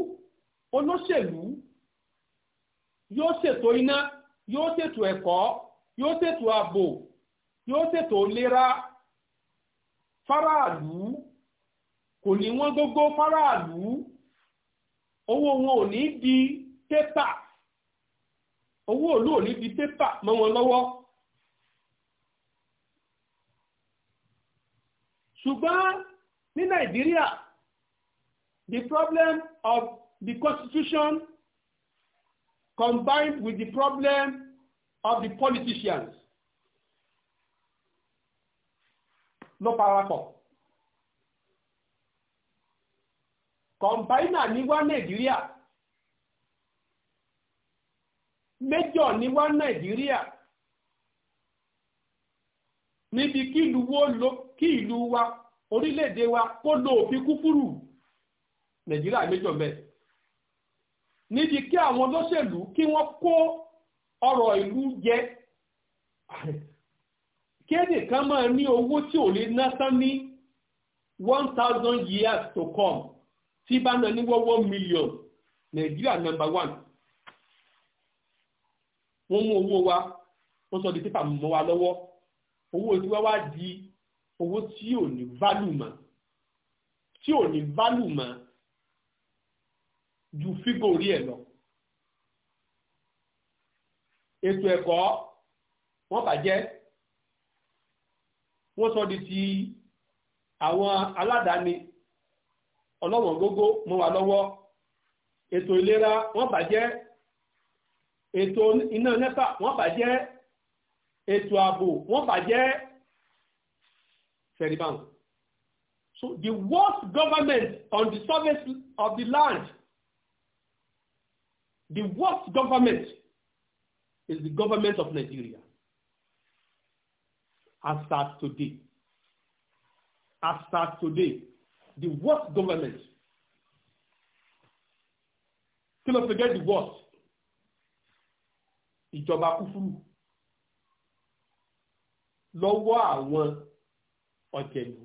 olóṣèlú yóò ṣètò iná yóò ṣètò ẹ̀kọ́ yóò ṣètò ààbò yóò ṣètò ìlera fáráàlú kò ní wọ́n gógó fáráàlú owó wọn ò ní di pépà owó òlú ò ní di pépà mọ́ wọn lọwọ ṣùgbọ́n ní nàìjíríà the problem of the constitution combined with the problem of the politicians ló parapọ̀. kọ̀m̀báínà ni wá nàìjíríà méjọ̀ ni wá nàìjíríà níbi kí ìlú wa orílẹ̀-èdè wa kó lo òfin kúkúrú nàìjíríà méjọ mẹ níbi kí àwọn olóṣèlú kí wọ́n kó ọ̀rọ̀ ìlú jẹ kéde kan máa ní owó tí ò lè ná tán ní one thousand years to come tí bá ná ní wọ́wọ́ million nàìjíríà number one wọ́n mú owó wa wọ́n sọ di pépà mọ́ wa lọ́wọ́ owó tí wọ́n wá di owó tí ò ní value mọ́ tí ò ní value mọ́ ju fígò orí ẹ̀ lọ ètò ẹ̀kọ́ wọ́n bàjẹ́ wọ́n sọ di ti àwọn aládàáni ọlọ́wọ̀n gógó mọ́ wa lọ́wọ́ ètò ìlera wọ́n bàjẹ́ ètò iná nẹ́pà wọ́n bàjẹ́ ètò ààbò wọ́n bàjẹ́ fẹ̀rìbáwọn. So the worst government on the surface of the land The worst government is the government of Nigeria. As at today, as at today, the worst government. Kí ló forget the worst? Ìjọba kúfúrú lọ́wọ́ àwọn ọ̀jẹ̀lú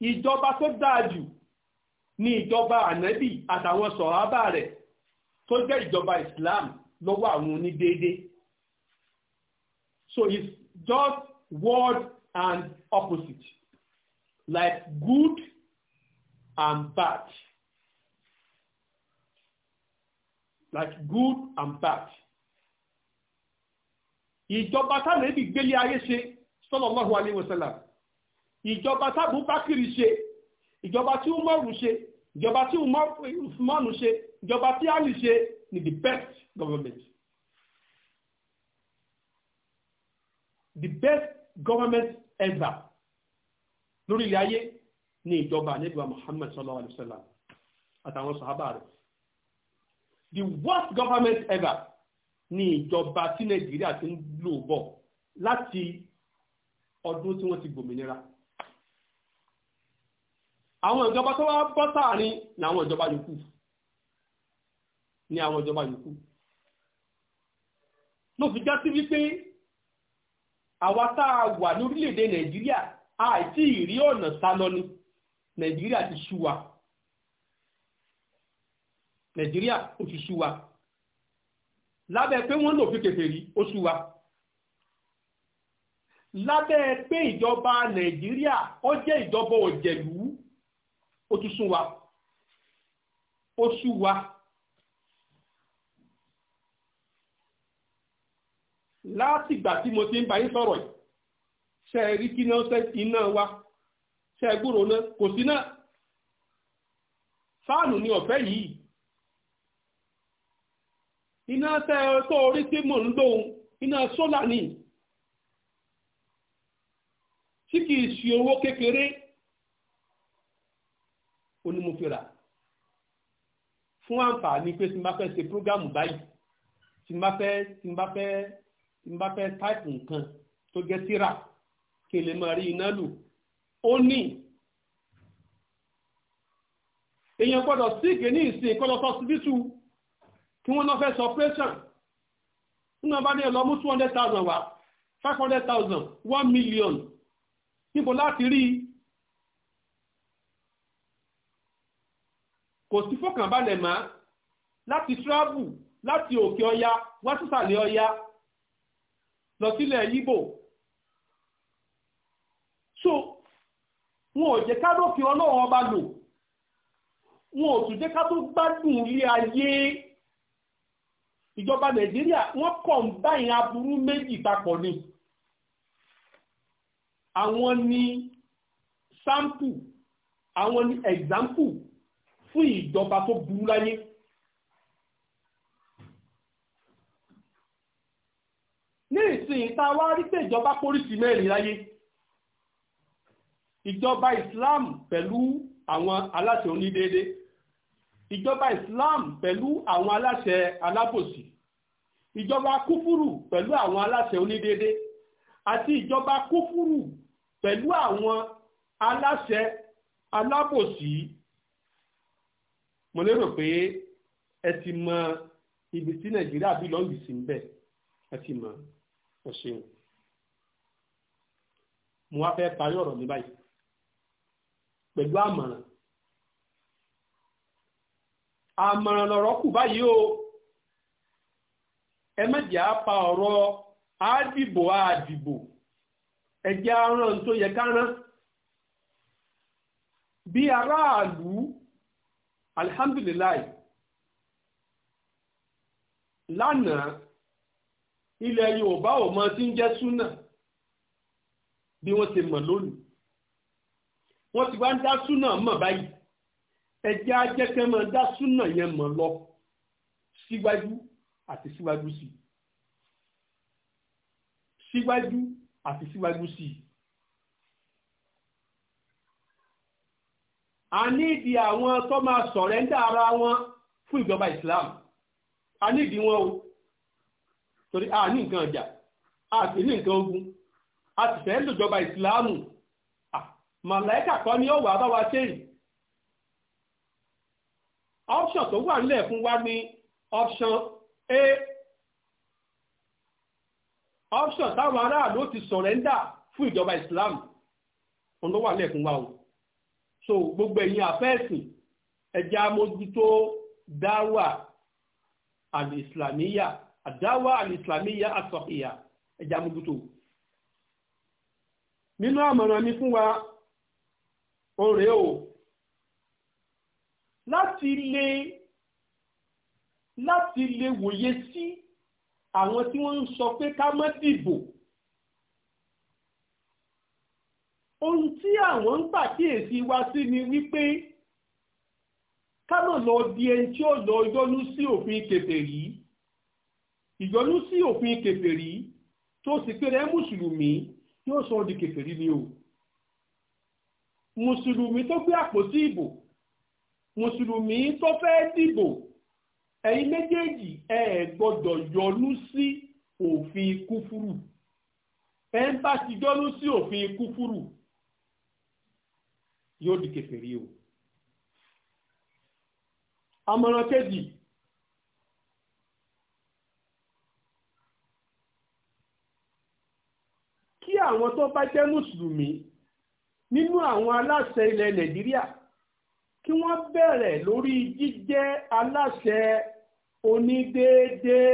ìjọba tó dáa jù ní ìjọba ànábì àtàwọn sọ̀hábà rẹ̀ tó jẹ́ ìjọba Islam lọ́wọ́ àwọn onídéédé so it's just word and opposite like good and bad like good and bad ìjọba tánàbì gbélé ayé ṣe sallallahu alaihi wasallam ìjọba tábùbákìrì ṣe ìjọba tí umaru ṣe ìjọba tí usmanu ṣe ìjọba tí ali ṣe ni the best government the best government ever lórí ilẹ̀ ayé ni ìjọba àníbà muhammad sallallahu alayhi wa sallam àtàwọn sàhábà rẹ̀ the worst government ever ni ìjọba tí nàìjíríà ti ń lò bọ̀ láti ọdún tí wọ́n ti gbòmìnira àwọn ìjọba tó wá bọ́ sáàrin ni àwọn ìjọba yòókù ni àwọn ìjọba yòókù ló fi já wípé àwa wà ní orílẹ̀-èdè nàìjíríà àìsí ìrí ọ̀nà ni nàìjíríà ti sú nàìjíríà ó ti lábẹ́ pé wọ́n lò fi kèfèrí ó ó tún sún wa ó sú wa tí mo ṣe é rí kí wa ṣe é gbúrò náà kò sí náà ni ọ̀fẹ́ yìí iná tẹ́ tó orí tí mò ń ni tí si ṣe owó ó ní mo fi rà fún àǹfààní pé tí n bá fẹ́ ṣe prógámù báyìí tí n bá fẹ́ tí n bá fẹ́ tí n bá fẹ́ táìpù nǹkan tó jẹ́ síra kí n lè máa rí iná lò ó ní èèyàn gbọ́dọ̀ síìkì ní ìsìn kọ́ lọ sọ síbítù kí wọ́n náà fẹ́ sọ pẹ́sàn nínú ọba ní ẹ̀lọ́mú 200,000 wá 500,000 1 million níbo láti rí kò sí fọkànbalẹ̀ mọ́ láti tíráàbù láti òkè ọya wá sísàlẹ̀ ọya lọ sílẹ̀ yíbò so wọn ò jẹ́ ká lókè ọlọ́run ọba lò wọn ò tún jẹ́ ká tó gbádùn ilé ayé ìjọba nàìjíríà wọ́n kàn báyìí aburú méjì papọ̀ ni àwọn ni sample àwọn ni example fún ìjọba tó burú láyé. ní ìsìn tá a wá rí pé ìjọba póríṣi mẹ́rin láyé ìjọba Islam pẹ̀lú àwọn aláṣẹ onídéédé ìjọba Islam pẹ̀lú àwọn aláṣẹ alábòsí ìjọba kúfúrù pẹ̀lú àwọn aláṣẹ onídéédé àti ìjọba kúfúrù pẹ̀lú àwọn aláṣẹ alábòsí mo lérò pé ẹ ti mọ ibi tí nàìjíríà bí lọ́ọ̀lù sí ń bẹ̀ ẹ ti mọ ọ ṣeun mo wá fẹ́ parí ọ̀rọ̀ ní báyìí pẹ̀lú àmọ̀ràn àmọ̀ràn lọ̀rọ̀ kù báyìí o ẹ má jẹ́ á ọ̀rọ̀ àdìbò àdìbò ẹ̀jẹ̀ aràn tó yẹ ká rán bí aráàlú alihamdulilayi lánàá ilẹ̀ yorùbá ò mọ tí ń jẹ́ súnà bí wọ́n ti mọ̀ lónìí wọ́n ti wá ń dá súnà mọ̀ báyìí ẹjẹ́ ajẹ́kẹ́ máa dá súnà yẹn mọ̀ lọ síwájú àti síwájú sí síwájú àti síwájú sí i. a nídìí àwọn tó máa sọ̀rẹ́ńdà ara wọn fún ìjọba Islam a nídìí wọn o torí a ní nǹkan ọjà a sì ní nǹkan ogun a sì fẹ́ lòjọba Islam màláìkà kan ni ó wà bá wa option tó wà nílẹ̀ fún wa ní option A option táwọn aráàlú ti sọ̀rẹ́ńdà fún ìjọba Islam òun ló wà nílẹ̀ fún wa o. so gbogbo ẹ̀yin àfẹ́sìn ẹja mójútó dáwà àlìsìlámíyà àdáwà àlìsìlámíyà àsọ̀kìyà ẹja mójútó. nínú àmọ̀ràn mi fún wa òrè o láti lè láti lè wòye sí àwọn tí wọ́n ń sọ pé ká má dìbò. ohun tí àwọn ń pàkíyèsí wa sí ni wípé kámọ̀ lọ di ẹni tí ó lọ yọnú sí òfin kèfèrí ìyọnú sí òfin kèfèrí tó sì péré mùsùlùmí yóò sọ di kèfèrí ni o mùsùlùmí tó gbé àpótí ìbò mùsùlùmí tó fẹ́ dìbò ẹ̀yin méjèèjì ẹ gbọ́dọ̀ yọnú sí òfin kúfúrù ẹ ń bá ti yọnú sí òfin kúfúrù yóò di kèfèrí o àmọ̀ràn kejì kí àwọn tó bá jẹ́ mùsùlùmí nínú àwọn aláṣẹ ilẹ̀ nàìjíríà kí wọ́n bẹ̀rẹ̀ lórí jíjẹ́ aláṣẹ onídéédéé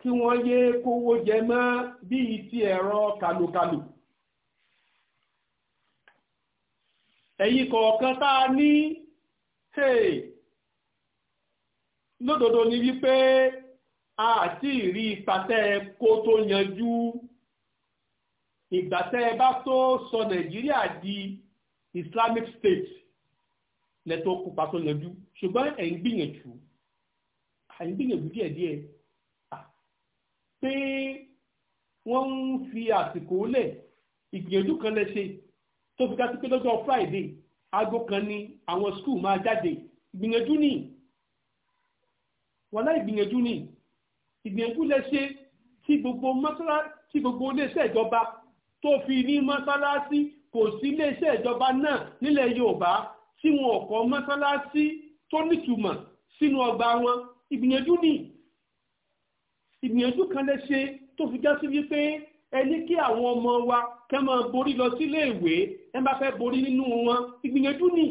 kí wọ́n yé kówó jẹ mọ́ bíi ti ẹ̀rọ kàlùkàlù. Kalu ẹ̀yin kọ̀ọ̀kan tá a ní lódodo ni wípé a ti rí ipa tẹ́ ẹ kó tó yanjú ìgbà tẹ́ bá tó sọ Nàìjíríà di Islamic State lẹ́tọ́ kópa tó yanjú ṣùgbọ́n ẹ̀ ń gbìyànjú ẹ̀ ń gbìyànjú díẹ̀díẹ̀ pé wọ́n ń fi àsìkò lẹ̀ ìgbìyànjú kan lè ṣe tó fi dásí pé lọ́jọ́ friday aago kan ni àwọn skul máa jáde ìgbìyànjú ni wàhálà ìgbìyànjú ni ìgbìyànjú lẹ ṣe tí gbogbo mọ́sálásí tí gbogbo iléeṣẹ́ ìjọba tó fi ní mọ́sálásí kò sí iléeṣẹ́ ìjọba náà nílẹ̀ yorùbá tí wọn ò kọ́ mọ́sálásí tó nítumọ̀ sínú ọgbà wọn ìgbìyànjú ni ìgbìyànjú kan lẹ tó fi já wípé ẹ ní kí àwọn ọmọ wa kẹ́ máa borí lọ sílé ìwé ẹ bá fẹ́ borí nínú wọn ìgbìyànjú ni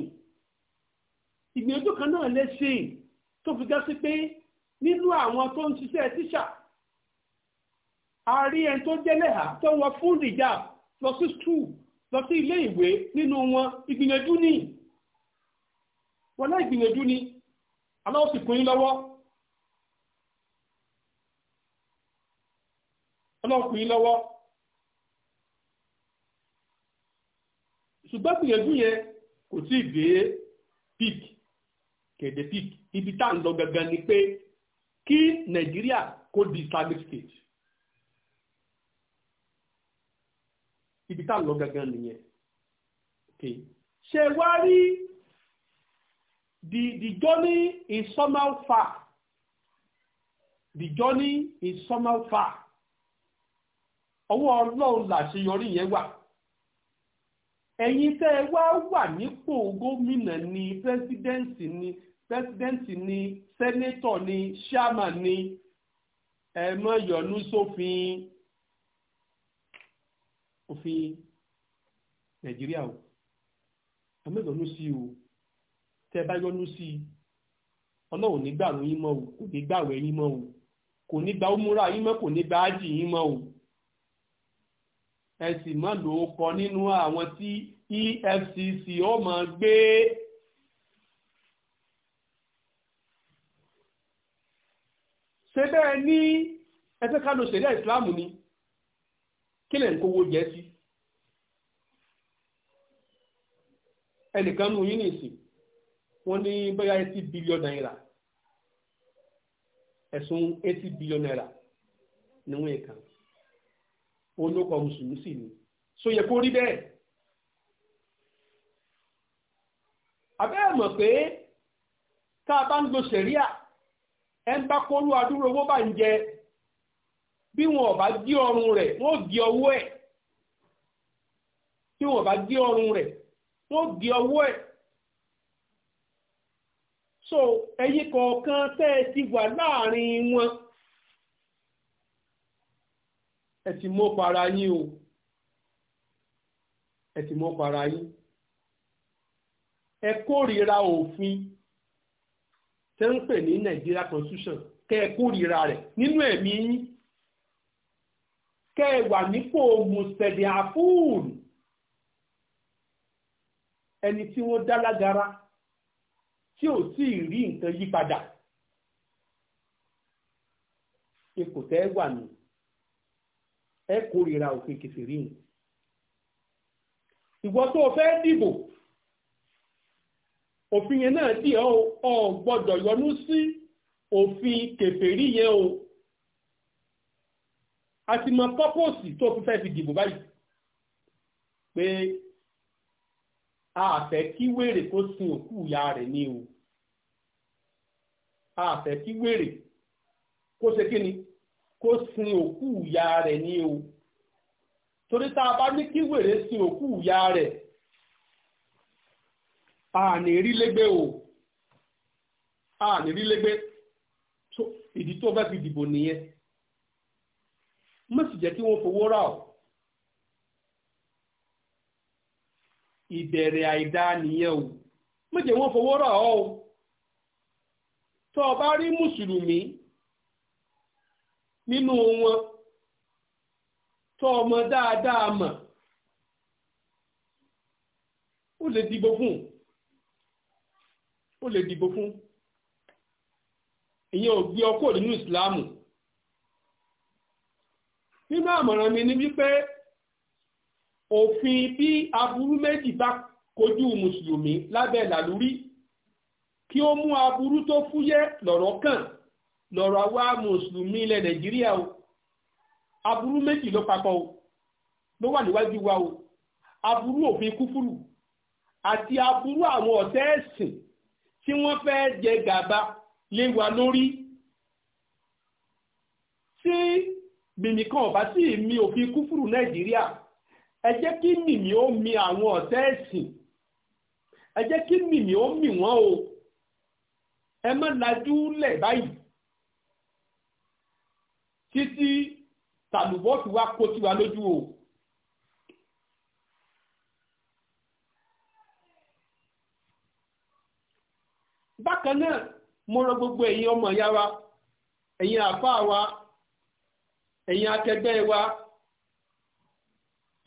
ìgbìyànjú kan náà lè ṣe tó fi já sí pé nínú àwọn tó ń ṣiṣẹ́ tíṣà a rí ẹni tó jẹ́ lẹ́hà tó wọ fún ìjà lọ sí skul lọ sí ilé ìwé nínú wọn ìgbìyànjú ni wọn láì gbìyànjú ni aláwọ̀ sì kún yín lọ́wọ́ aláwọ̀ lọ́wọ́. ṣùgbọ́n gbìyànjú yẹn kò tí ì dé peak kéde peak ibi tá à ń lọ gangan ni pé kí nàìjíríà kó di Islamic state ibi tá à ń lọ gangan nìyẹn okay ṣe wá rí the the journey is somehow far the journey is somehow far ọwọ́ ọlọ́run làṣeyọrí yẹn wà ẹ̀yin tẹ́ ẹ wá wà nípò gómìnà ni pẹ́sidẹ́ǹsì ni pẹ́sidẹ́ǹsì ni sẹ́nétọ̀ ni ṣáàmà ni ẹ má yọ̀nú sófin òfin nàìjíríà o ẹ má yọ̀nú sí o tẹ́ ẹ bá yọ̀nú sí ọlọ́run ní gbàrún yín mọ́ o kò ní gbàwẹ̀ yín mọ́ o kò ní gba umura yín mọ́ kò ní gba ájì yín mọ́ o ẹ sì mọ́ lò kọ nínú àwọn tí EFCC ó máa gbé. ṣé bẹ́ẹ̀ ní ẹgbẹ́ kánò ṣẹ̀ríà ìsìláàmù ni kí lè ń kówó jẹ́ sí. ẹnìkan mú yín nìsín wọ́n ní bóyá eighty billion naira ẹ̀sùn eighty billion naira ni wọ́n yẹ kàn olókọ mùsùlùmí sì ni so yẹ kó rí bẹ́ẹ̀. abẹ́rẹ́ mọ̀ pé tá a bá ń lo sẹ̀ríà ẹ̀ ń bá kóró adúrò owó bá ń jẹ bí wọn ò bá gé ọrùn rẹ̀ wọn ò gé ọwọ́ ẹ̀ tí wọn ò bá gé ọrùn rẹ̀ wọn ò gé ọwọ́ ẹ̀ so ẹ̀yin kọ̀ọ̀kan tẹ́ ẹ ti wà láàrin wọn. ẹ ti mọ́ para yín o ẹ ti mọ́ para yín ẹ kórìíra òfin tẹ́ ń pè ní Nigeria constitution kẹ ẹ kórìíra rẹ̀ nínú ẹ̀mí yín kẹ́ ẹ wà nípò mùsẹ̀dẹ̀ àfúùn ẹni tí wọ́n dá lágara tí ò tí ì rí nǹkan yípadà ipò tẹ́ wà nù ẹ kórìíra òfin kẹfìrí hùn ìwọ tó o fẹ́ dìbò òfin yẹn náà dì ọ gbọ́dọ̀ yọnú sí òfin kẹfìrí yẹn o a ti mọ pọ́pọ́sì tó fi fẹ́ fi dìbò báyìí pé a fẹ́ kí wèrè kó sin òkú ìyá rẹ̀ ní o a fẹ́ kí wèrè kó ṣe kí ni kó sin òkú ìyá rẹ̀ ní o torí tá a bá ní kí wèrè sin òkú ìyá rẹ̀ a ní rí lẹ́gbẹ́ o a ní rí lẹ́gbẹ́ ìdí tó fẹ́ fi dìbò nìyẹn mọ̀sí jẹ́ kí wọ́n fowó rà ọ́ ìbẹ̀rẹ̀ àìdá nìyẹn o mọ̀jẹ̀ wọ́n fowó rà ọ́ o tó o bá rí mùsùlùmí nínú wọn tó ọmọ dáadáa mọ̀ ó lè dìbò fún ó lè dìbò fún ìyẹn ò gbé ọkọ nínú ìsìláàmù nínú àmọ̀ràn mi ni wípé òfin bí aburú méjì bá kojú mùsùlùmí lábẹ́ làlúrí kí ó mú aburú tó fúyẹ́ lọ́rọ̀ kàn lọ́rọ̀ àwa mùsùlùmí ilẹ̀ nàìjíríà o aburú méjì ló papọ̀ o ló wà níwájú wa o aburú òfin kúfúrù àti aburú àwọn ọ̀tẹ́ ẹ̀sìn tí wọ́n fẹ́ jẹ gàba lé wa lórí tí mìmìkan ọ̀bá sí mi òfin kúfúrù nàìjíríà ẹ jẹ́ kí mìmì ó mi àwọn ọ̀tẹ́ ẹ̀sìn ẹ jẹ́ kí mìmì ó mì wọ́n o ẹ má lajú lẹ̀ báyìí títí tàlùbọ́ọ̀tù wa kó tiwa lójú o. bákan náà mo rọ gbogbo ẹ̀yin ọmọ ìyá wa ẹ̀yin àfáà wa ẹ̀yin akẹgbẹ́ wa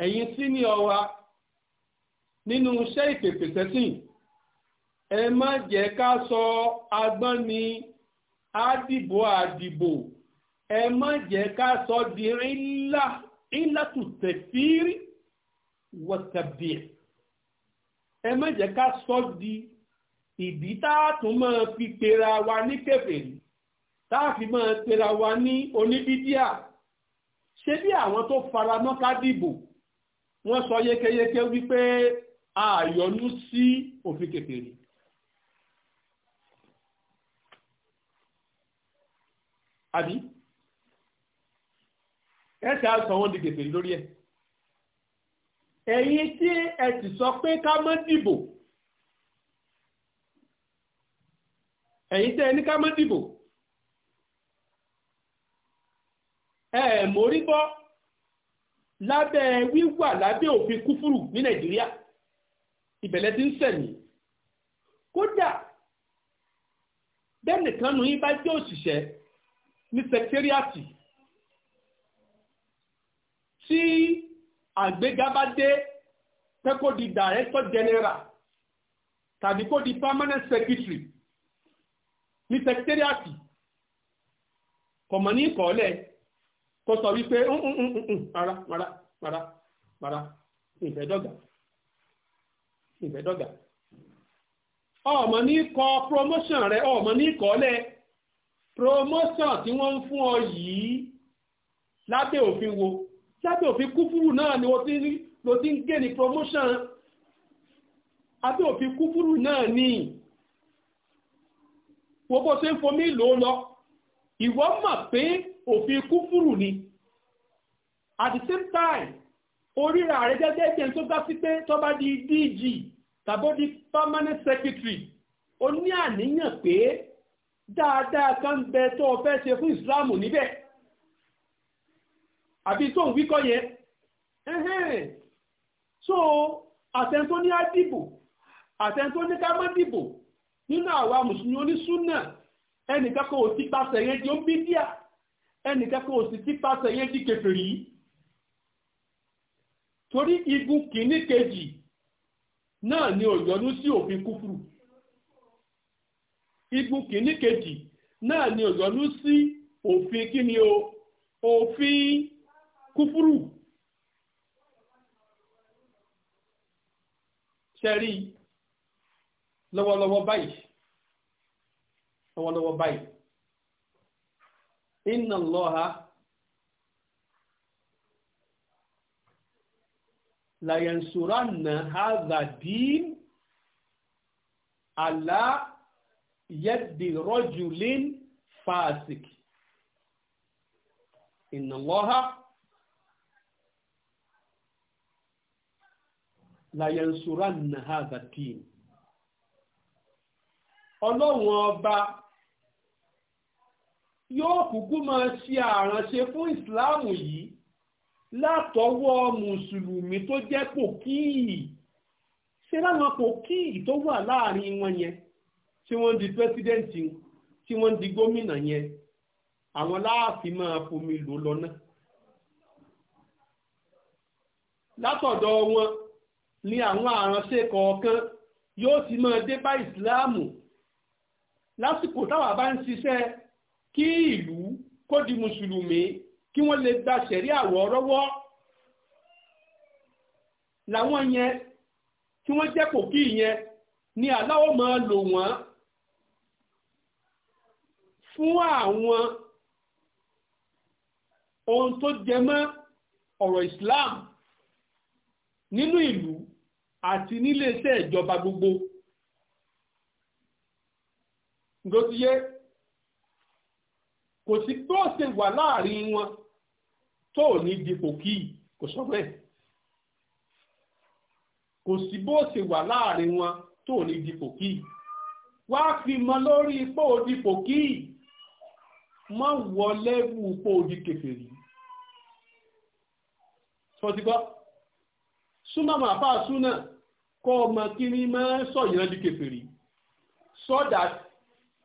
ẹ̀yin sínìọ̀ wa nínú iṣẹ́ ìpèpèsẹ́sìn ẹ má jẹ́ ká sọ agbọ́n ni àdìbò àdìbò ẹ má jẹ́ ká sọ di ńlá ńlá tù tẹ̀fírí wọ̀tẹ̀bì ẹ má jẹ́ ká sọ di ìdí tá a tún máa fi pera wa ní kèfèrí tá a fi máa pera wa ní oníbídíà ṣé bí àwọn tó fara mọ́ ká dìbò wọ́n sọ yékéyéké wípé àyọnú sí òfin kèfèrí. àbí ẹ ṣe àṣọ wọn di gèfè lórí ẹ ẹ̀yin tí ẹ ti sọ pé ká má dìbò ẹ̀yin tí ẹ ní ká má dìbò ẹ mórí bọ́ lábẹ́ wíwà lábẹ́ òfin kúfúrù ní nàìjíríà ìbẹ̀lẹ̀ ti ń sẹ̀mí kódà bẹ́ẹ̀ nìkan nù yín bá jẹ́ òṣìṣẹ́ ní sẹkítẹ́rìàtì tí àgbéga bá dé pé kó di director general tàbí kó di permanent secretary ní secretariat kọ̀mọ̀ ní ìkọ̀ọ́lẹ̀ kó sọ wípé rárá rárá rárá rárá ìfẹ́dọ́gà ìfẹ́dọ́gà ọmọ ní kọ promotion rẹ ọmọ ní ìkọ̀ọ́lẹ̀ promotion tí wọ́n ń fún ọ yìí lábẹ́ òfin wo sábẹ́ òfin kúfúrú náà ni ló ti ń gé ní promotion abẹ́ òfin kúfúrú náà ni wọ́n bó ṣe ń fomi lò ó lọ ìwọ mọ̀ pé òfin kúfúrú ni at the same time oríra rẹ gẹ́gẹ́ bí ẹni tó gbá sí pé tó bá di DG tàbí ó di permanent secretary ó ní àníyàn pé dáadáa kan bẹ tó o fẹ́ ṣe fún ìsìláàmù níbẹ̀ àbí tó ń wíkọ́ yẹn so àtẹ̀ntó ní á dìbò àtẹ̀ntó ní ká má dìbò nínú àwa mùsùlùmí onísúnà ẹnìkan kò sí pàṣẹ yẹn di ombídíà ẹnìkan kò sì sí pàṣẹ yẹn di kèfèrí torí igun kìíní kejì náà ni òyọnú sí òfin kúfùrù igun kìíní kejì náà ni òyọnú sí òfin kíni o òfin kúfúrù ṣẹ́rí lọ́wọ́lọ́wọ́ báyìí lọ́wọ́lọ́wọ́ báyìí inna Allaha la yansuranna hadha din ala yadi rajulin fasik inna Allaha layansuranna hadha tin ọlọ́run ọba yóò kúkú máa ṣe àránṣe fún ìsìláàmù yìí látọwọ́ mùsùlùmí tó jẹ́ pòkíì ṣe láwọn pòkíì tó wà láàrin wọn yẹn tí wọ́n di pẹ́sidẹ́ǹtì tí wọ́n di gómìnà yẹn àwọn láàfin máa fomi lò lọ́nà látọ̀dọ̀ wọn ni àwọn àránṣẹ́ kọ̀ọ̀kan yóò ti máa dé bá ìsìláàmù lásìkò táwa bá ń ṣiṣẹ́ kí ìlú kó di mùsùlùmí kí wọ́n lè gba ṣẹ̀rí àwọ̀ rọ́wọ́ làwọn yẹn tí wọ́n jẹ́ kòkí yẹn ni aláwọ̀ máa lò wọ́n fún àwọn ohun tó jẹ mọ́ ọ̀rọ̀ Islam nínú ìlú àti níléeṣẹ́ ìjọba gbogbo gòtíyé kò sí tó ṣe wà láàrin wọn tó ní dipò kí kò sọ bẹ́ẹ̀ kò sí bó ṣe wà láàrin wọn tó ní dipò kí wá fi mọ lórí ipò dipò kí mọ wọlé wù ipò di kèfèrí sọ ti gbọ́. súnmọ́ àwọn àbá súnà kọ́ ọmọ kiri máa ń sọ ìran di kèfèrí so that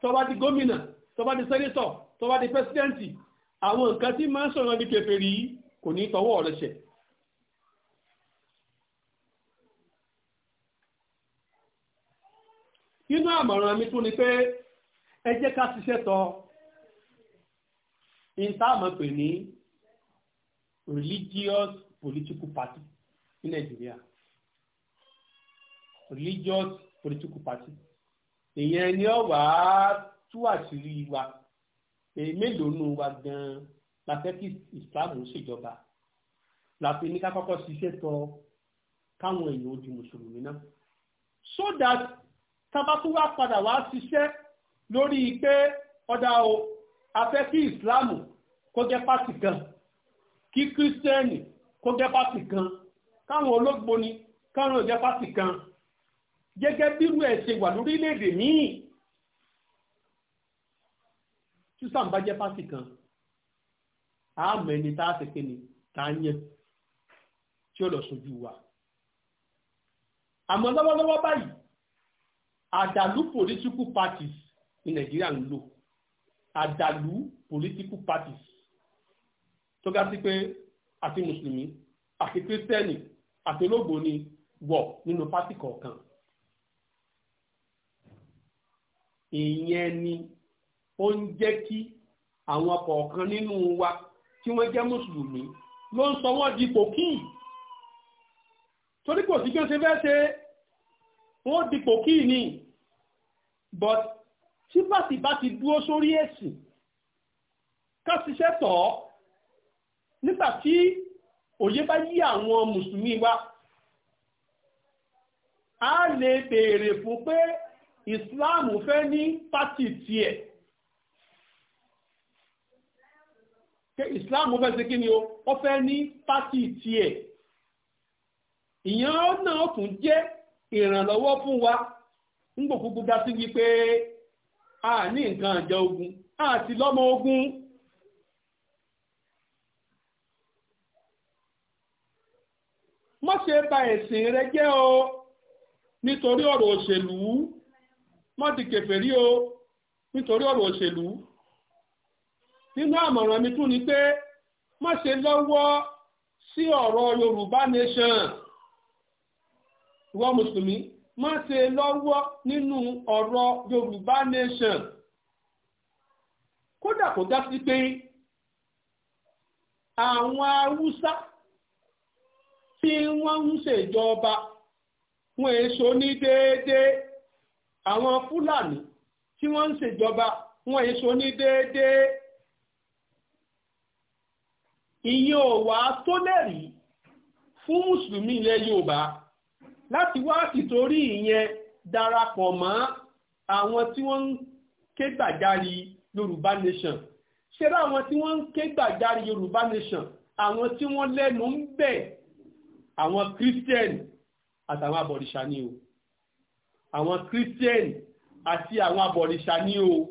tó bá di gómìnà tó bá di sẹ́nítọ̀ tó bá di pẹ́sidẹ́ǹtì àwọn nǹkan tí máa ń sọ ìran di kèfèrí kò ní tọwọ́ rẹ̀ ṣẹ̀. nínú àmọ̀ràn mi tún ni pé ẹ jẹ́ ká ṣiṣẹ́ tọ ìtààmọ̀ pè ní religious political party ní nàìjíríà religious political party èèyàn ni ó wà á tú àṣírí wa èyí mélòó nù wa gan-an la fẹ́ kí islam ń ṣèjọba la fi ní ká kọ́kọ́ ṣiṣẹ́ tọ káwọn èèyàn ó di mùsùlùmí náà so that tábà tún wá padà wá ṣiṣẹ́ lórí pé ọ̀dà o a fẹ́ kí islam kó jẹ́ pàtì kan kí kírísítẹ́nì kó jẹ́ pàtì kan káwọn ológbò ni káwọn ìjẹ́ pàtì kan gẹ́gẹ́ bírú ẹ̀ ṣe wà lórílẹ̀‐èdè míì sísàn bá jẹ́ pàtì kan àmọ́ ẹni tá a ṣe kéde tá a yẹn tí ó lọ sójú wa àmọ́ lọ́wọ́lọ́wọ́ báyìí àdàlú political parties ní Nàìjíríà ń lò àdàlú political parties tó ga sí pé àti mùsùlùmí àti kírísítẹ́nì àtẹlógbò ni wọ̀ nínú pátì kọ̀ọ̀kan ìyẹn ni ó ń jẹ́ kí àwọn kọ̀ọ̀kan nínú wa tí wọ́n jẹ́ mùsùlùmí ló ń sọ wọ́n di pòkíì torí kò sí kí wọ́n ṣe fẹ́ ṣe wọ́n di pòkíì ni but tí bàtì bá ti dúró sórí ẹ̀sìn ká ṣiṣẹ́ tọ̀ ọ́ nígbà tí òye bá yí àwọn mùsùlùmí wa a lè béèrè fún pé islam fẹ́ ní pátì tiẹ̀ pé islam fẹ́ ṣe kí ni o ó fẹ́ ní pátì tiẹ̀ ìyẹn náà tún jẹ́ ìrànlọ́wọ́ fún wa ń gbòkúgbò dá sí wípé a ní nǹkan àjọ ogun a ti lọ́mọ ogun. má ṣe bà ẹ̀sìn rẹ jẹ́ o nítorí ọ̀rọ̀ òṣèlú má di kèfèrí o nítorí ọ̀rọ̀ òṣèlú nínú àmọ̀ràn mi tún ni pé má ṣe lọ́wọ́ sí ọ̀rọ̀ Yorùbá nation ìwọ mùsùlùmí má ṣe lọ́wọ́ nínú ọ̀rọ̀ Yorùbá nation kódà kó dá sí pé àwọn Haúsá bí wọ́n ń ṣèjọba wọn èso ní déédéé àwọn fúlàní tí wọ́n ń ṣèjọba wọn èso ní déédéé ìyẹn ò wá tó lẹ́rìí fún mùsùlùmí ilẹ̀ yorùbá láti wá ìtorí ìyẹn darapọ̀ mọ́ àwọn tí wọ́n ń ké gbàjarì yorùbá nation ṣé báwọn tí wọ́n ń ké gbàjarì yorùbá nation àwọn tí wọ́n lẹ́nu ń bẹ̀ àwọn christian àtàwọn abọ̀rìṣà ni o àwọn christian àti àwọn abọ̀rìṣà ni o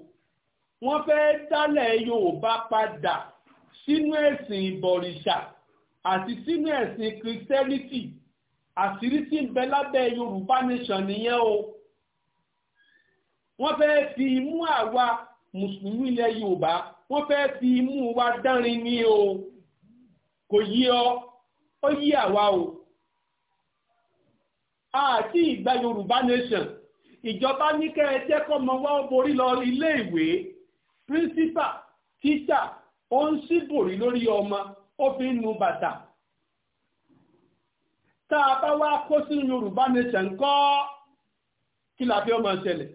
wọ́n fẹ́ dálẹ̀ yorùbá padà sínú ẹ̀sìn ìbọ̀rìṣà àti sínú ẹ̀sìn christianity àṣírí tí ń bẹ lábẹ́ yorùbá nation nìyẹn o wọ́n fẹ́ fi imú àwa mùsùlùmí ilẹ̀ yorùbá wọ́n fẹ́ fi imú wa dánrin ní o kò yí ọ ó yí àwa o àti ìgbà yorùbá nation ìjọba ní kẹ́ ẹ jẹ́ kọ́ ọmọ wa ó borí lọ ilé ìwé pírísítà tíṣà ó ń síbòrí lórí ọmọ ó fi ń nu bàtà tá a bá wá kó sínú yorùbá nation kọ́ kí la ọmọ ṣẹlẹ̀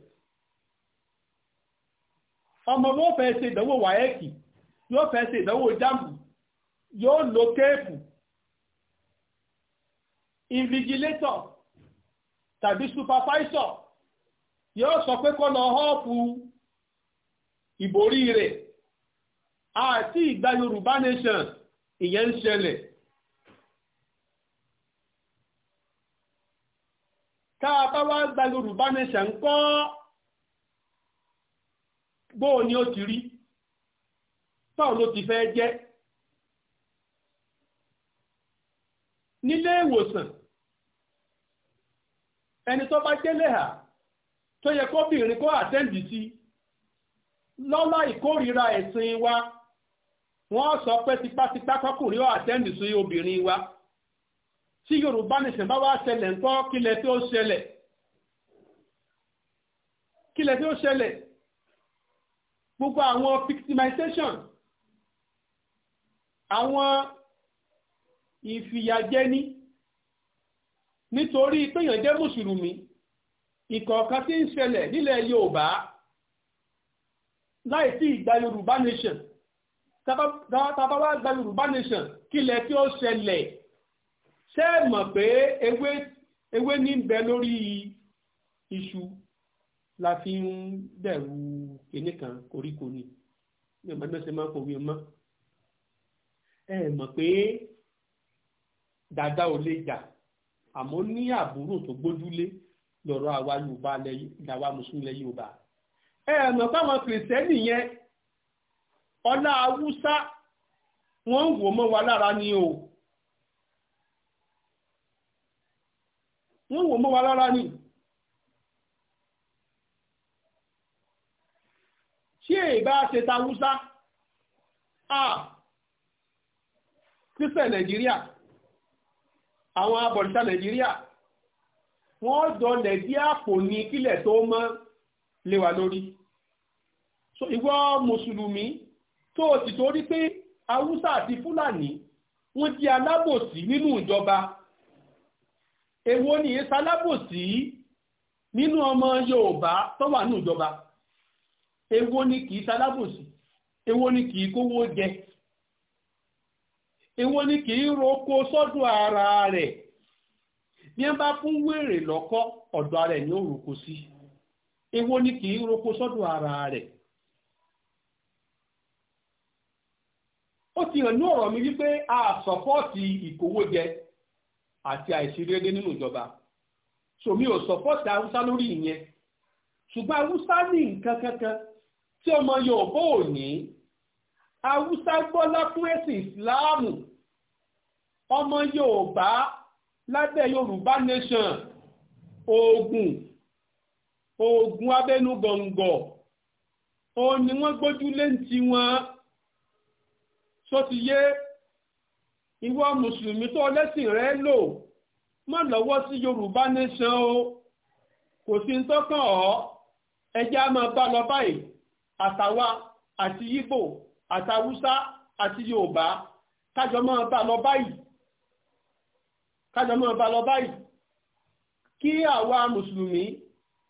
ọmọ wọn fẹ́ ṣe ìdánwò wáyẹ́kì yóò fẹ́ ṣe ìdánwò jáàmù yóò lo kéèpù invigilator tàbí supervisor yóò sọ pé kọ́ lọ họ́ọ̀pù ìborí rẹ̀ àti ìgbà yorùbá nation ìyẹn ń ṣẹlẹ̀. tá a bá wá gba yorùbá nation ń kọ́ bóò ni ó ti rí tọ́ọ̀ ló ti fẹ́ jẹ́ nílé ìwòsàn ẹni tó bá délé hà tó yẹ kóbìnrin kó àtẹ́ǹdì sí lọ́lá ìkórìíra ẹ̀sìn wa wọ́n sọ pé tipátipá kọkùnrin ó àtẹ́ǹdì sí obìnrin wa tí yorùbá nìsìn bá wá ṣẹlẹ̀ ńkọ́ kílẹ̀ tí ó ṣẹlẹ̀ kílẹ̀ tí ó ṣẹlẹ̀ gbogbo àwọn victimization àwọn ìfìyàjẹni nítorí péyàn jẹ́ mùsùlùmí ìkọ̀ọ̀kan tí ń ṣẹlẹ̀ nílẹ̀ Yorùbá láì sí ìgbà Yorùbá nation tàbábá gba Yorùbá nation kílẹ̀ tí ó ṣẹlẹ̀ ṣé ẹ mọ̀ pé ewé ní bẹ lórí iṣu la fi ń bẹ̀rù kìnnì kan koríko ni ní ìgbà mẹ́sẹ̀ máa ń ẹ mọ̀ pé dada ò lè jà àmọ́ ní àbúrò tó gbójúlé lọ́rọ̀ àwa yorùbá làwa mùsùlùmí lẹ yorùbá ẹ ẹ̀nà báwọn kìrìsìtẹ́nì yẹn ọlá haúsá wọ́n ń wò ni o wọ́n wò mọ́ wa lára ni tí èyí ṣe ta a kìrìsìtẹ́ nàìjíríà. àwọn abọ̀rìṣà nàìjíríà wọ́n dọlẹ̀ dí àpò ní kílẹ̀ tó mọ́ lé wa lórí so ìwọ mùsùlùmí tó o sì torí pé haúsá àti fúlàní wọ́n di alábòsí nínú ìjọba èwo ni èsì alábòsí nínú ọmọ yorùbá tó wà nínú ìjọba èwo ni kì í èwo ni kì kówó jẹ èwo ni kì í roko sọ́dọ̀ ara rẹ̀ ní wọ́n bá fún wèrè lọ́kọ́ ọ̀dọ̀ rẹ̀ ẹ̀ ní òrùkọ sí èwo ni kì í roko sọ́dọ̀ ara rẹ̀ ó ti hàn ní ọ̀rọ̀ mi wípé a sọ́pọ́ọ̀tì ìkówójẹ àti àìṣedéédé nínú ìjọba so mi ò sọ́pọ́ọ̀tì haúsá lórí ìyẹn ṣùgbọ́n haúsá ní nǹkan kankan tí ọmọ Yorùbá ò ní haúsá gbọ́lá fún ẹ̀sìn ìsìláàmù ọmọ yorùbá lábẹ́ yorùbá nation oògùn oògùn abẹ́nú gọ̀ǹgọ̀ òun ni wọ́n gbójúlé ń ti wọn só ti yé ìwọ mùsùlùmí tó lẹ́sìn rẹ lò má lọ́wọ́ sí yorùbá nation o kò sí ń tọ́kàn ọ́ ẹjẹ́ á máa bá lọ báyìí àtàwa àti yíbò àtàwùsá àti yorùbá kájọ máa bá lọ báyìí kájọ máa bá lọ báyìí kí àwa mùsùlùmí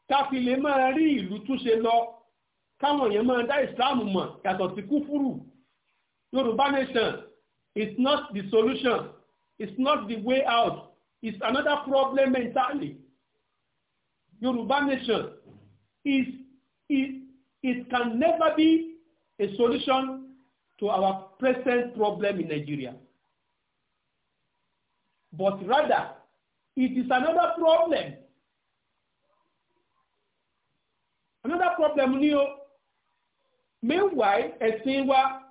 káfi lè máa rí ìlú túnṣe lọ káwọn èèyàn máa dá ìsìláàmù mọ̀ yàtọ̀ sí kúfúrù yorùbá nation is not the solution is not the way out is another problem mentally yorùbá nation is it, it can never be a solution to our present problem in Nigeria. But rather, it is another problem. Another problem ni o. Meanwhile, ẹ̀sìn wa,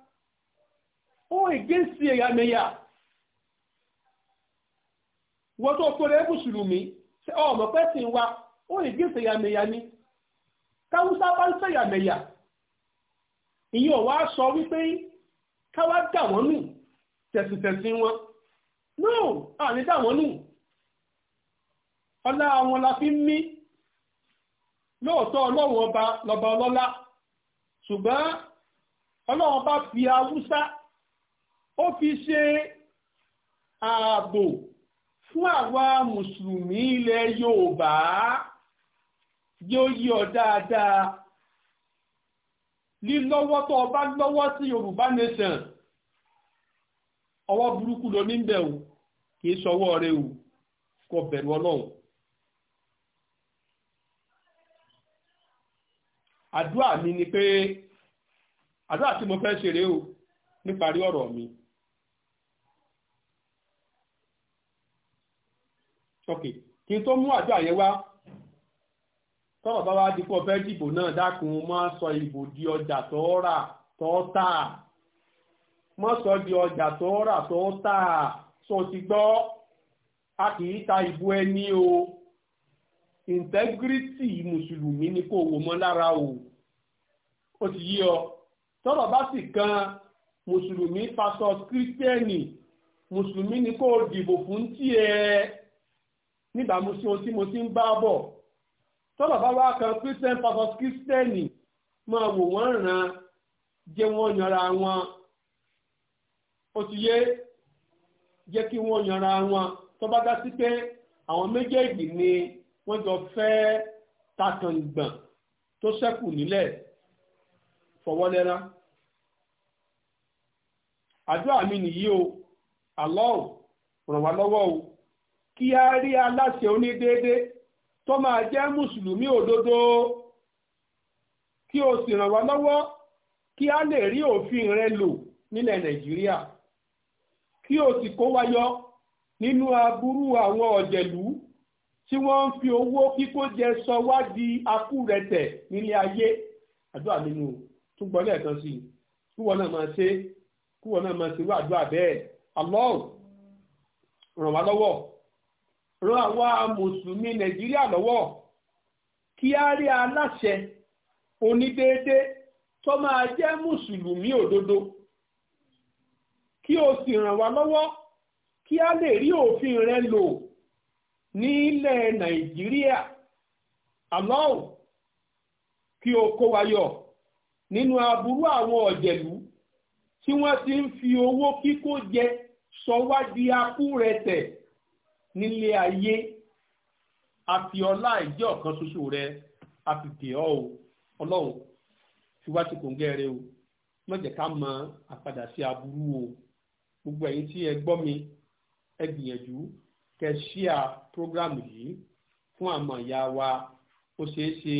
ó against ẹ̀yàmẹ̀yà. Wọ́n tó kó rẹ̀ Mùsùlùmí, ṣe ọmọ pẹ́sìn wa, ó against ẹ̀yàmẹ̀yà ni. Káwúsá bá ń ṣẹ̀yàmẹ̀yà. Ìyẹn ò wá sọ wípé káwá dà wọ́n nù tẹ̀sìntẹ̀sìn wọn no àní dà wọ́n nù ọlá wọn la fi ń mí lóòótọ́ ọlọ́run ọba lọ́ba ọlọ́lá ṣùgbọ́n ọlọ́run bá fi haúsá ó fi ṣe ààbò fún àwa mùsùlùmí ilẹ̀ yorùbá yóò yí dáadáa lílọ́wọ́ tó ọba lọ́wọ́ sí yorùbá nation ọwọ́ burúkú ló ní bẹ̀ o kì í sọwọ́ rẹ o kò bẹ̀rù ọlọ́run àdúrà mi ni pé àdúrà tí mo fẹ́ ṣeré o níparí ọ̀rọ̀ mi ok kí n tó mú àdúrà yẹn wá tọ́rọ̀ bá wá di pé ọ̀fẹ́ dìbò náà dákun má sọ ìbò di ọjà tó rà tó tà má sọ di ọjà tó rà tó tà sọ ti gbọ́ a kì í ta ìbò ẹni o integrity mùsùlùmí ni kò wò mọ́ lára o ó ti yí ọ tọ́rọ̀ bá sì kan mùsùlùmí pásọ kírísítẹ́nì mùsùlùmí ni kò dìbò fún tiẹ̀ níbàámu sí ohun tí mo ti ń bá bọ̀ tọ́lọ̀ bá wá kan christian pastors kírísítẹ́nì máa wò wọ́n ràn jẹ́ wọ́n yanra wọn ó ti yé jẹ́ kí wọ́n yanra wọn tó bá dá sí pé àwọn méjèèjì ni wọ́n jọ fẹ́ takàngbọ̀n tó ṣẹ́kù nílẹ̀ fọwọ́lẹ́rá àdúrà mi nìyí o Allah ràn wá lọ́wọ́ o kí a rí aláṣẹ onídéédéé tó máa jẹ́ mùsùlùmí òdodo kí o sì ràn wá lọ́wọ́ kí a lè rí òfin rẹ lò nílẹ̀ nàìjíríà kí o sì kó wa yọ nínú aburú àwọn ọ̀jẹ̀lú tí wọ́n ń fi owó kíkó jẹ sọ wá di akúrẹ̀tẹ̀ nílé ayé àdúrà nínú tún gbọ́ lẹ́ẹ̀kan sí i kúwọ́ náà máa ṣe kúwọ́ náà máa ṣe irú àdúrà bẹ́ẹ̀ Allah ràn wá lọ́wọ́. ran awa mùsùlùmí nàìjíríà lọ́wọ́ kí á rí aláṣẹ onídéédé tó máa jẹ́ mùsùlùmí òdodo kí o sì ràn wá lọ́wọ́ kí a lè rí òfin rẹ lò ní ilẹ̀ nàìjíríà Allah kí o kó wa yọ nínú aburú àwọn ọ̀jẹ̀lú tí wọ́n ti ń fi owó kíkó jẹ sọ wá di akúrẹ̀tẹ̀ nílé ayé àfi ọlá ìjẹ́ ọ̀kan ṣoṣo rẹ àfi pè ọ́ o ọlọ́run fi wá ti kòǹgẹ́ rẹ o má jẹ́ ká mọ àpadà sí aburú o gbogbo ẹ̀yin tí ẹ gbọ́ mi ẹ gbìyànjú kẹ́ ṣíà prógrámù yìí fún àmọ̀ ìyá wa ó ṣeé ṣe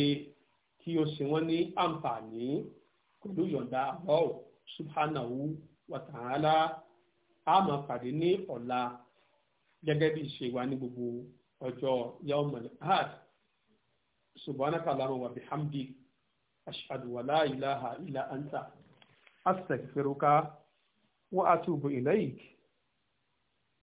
kí ó ṣe wọ́n ní àǹfààní pẹ̀lú yọ̀ǹda Allah subhanahu wa ta'ala a máa pàdé ní ọ̀la gẹ́gẹ́ bí ìṣe wa ní gbogbo ọjọ́ yaumul ahad subhanaka allahumma wa bihamdik ashhadu wa la ilaha illa anta astaghfiruka wa atubu ilayk.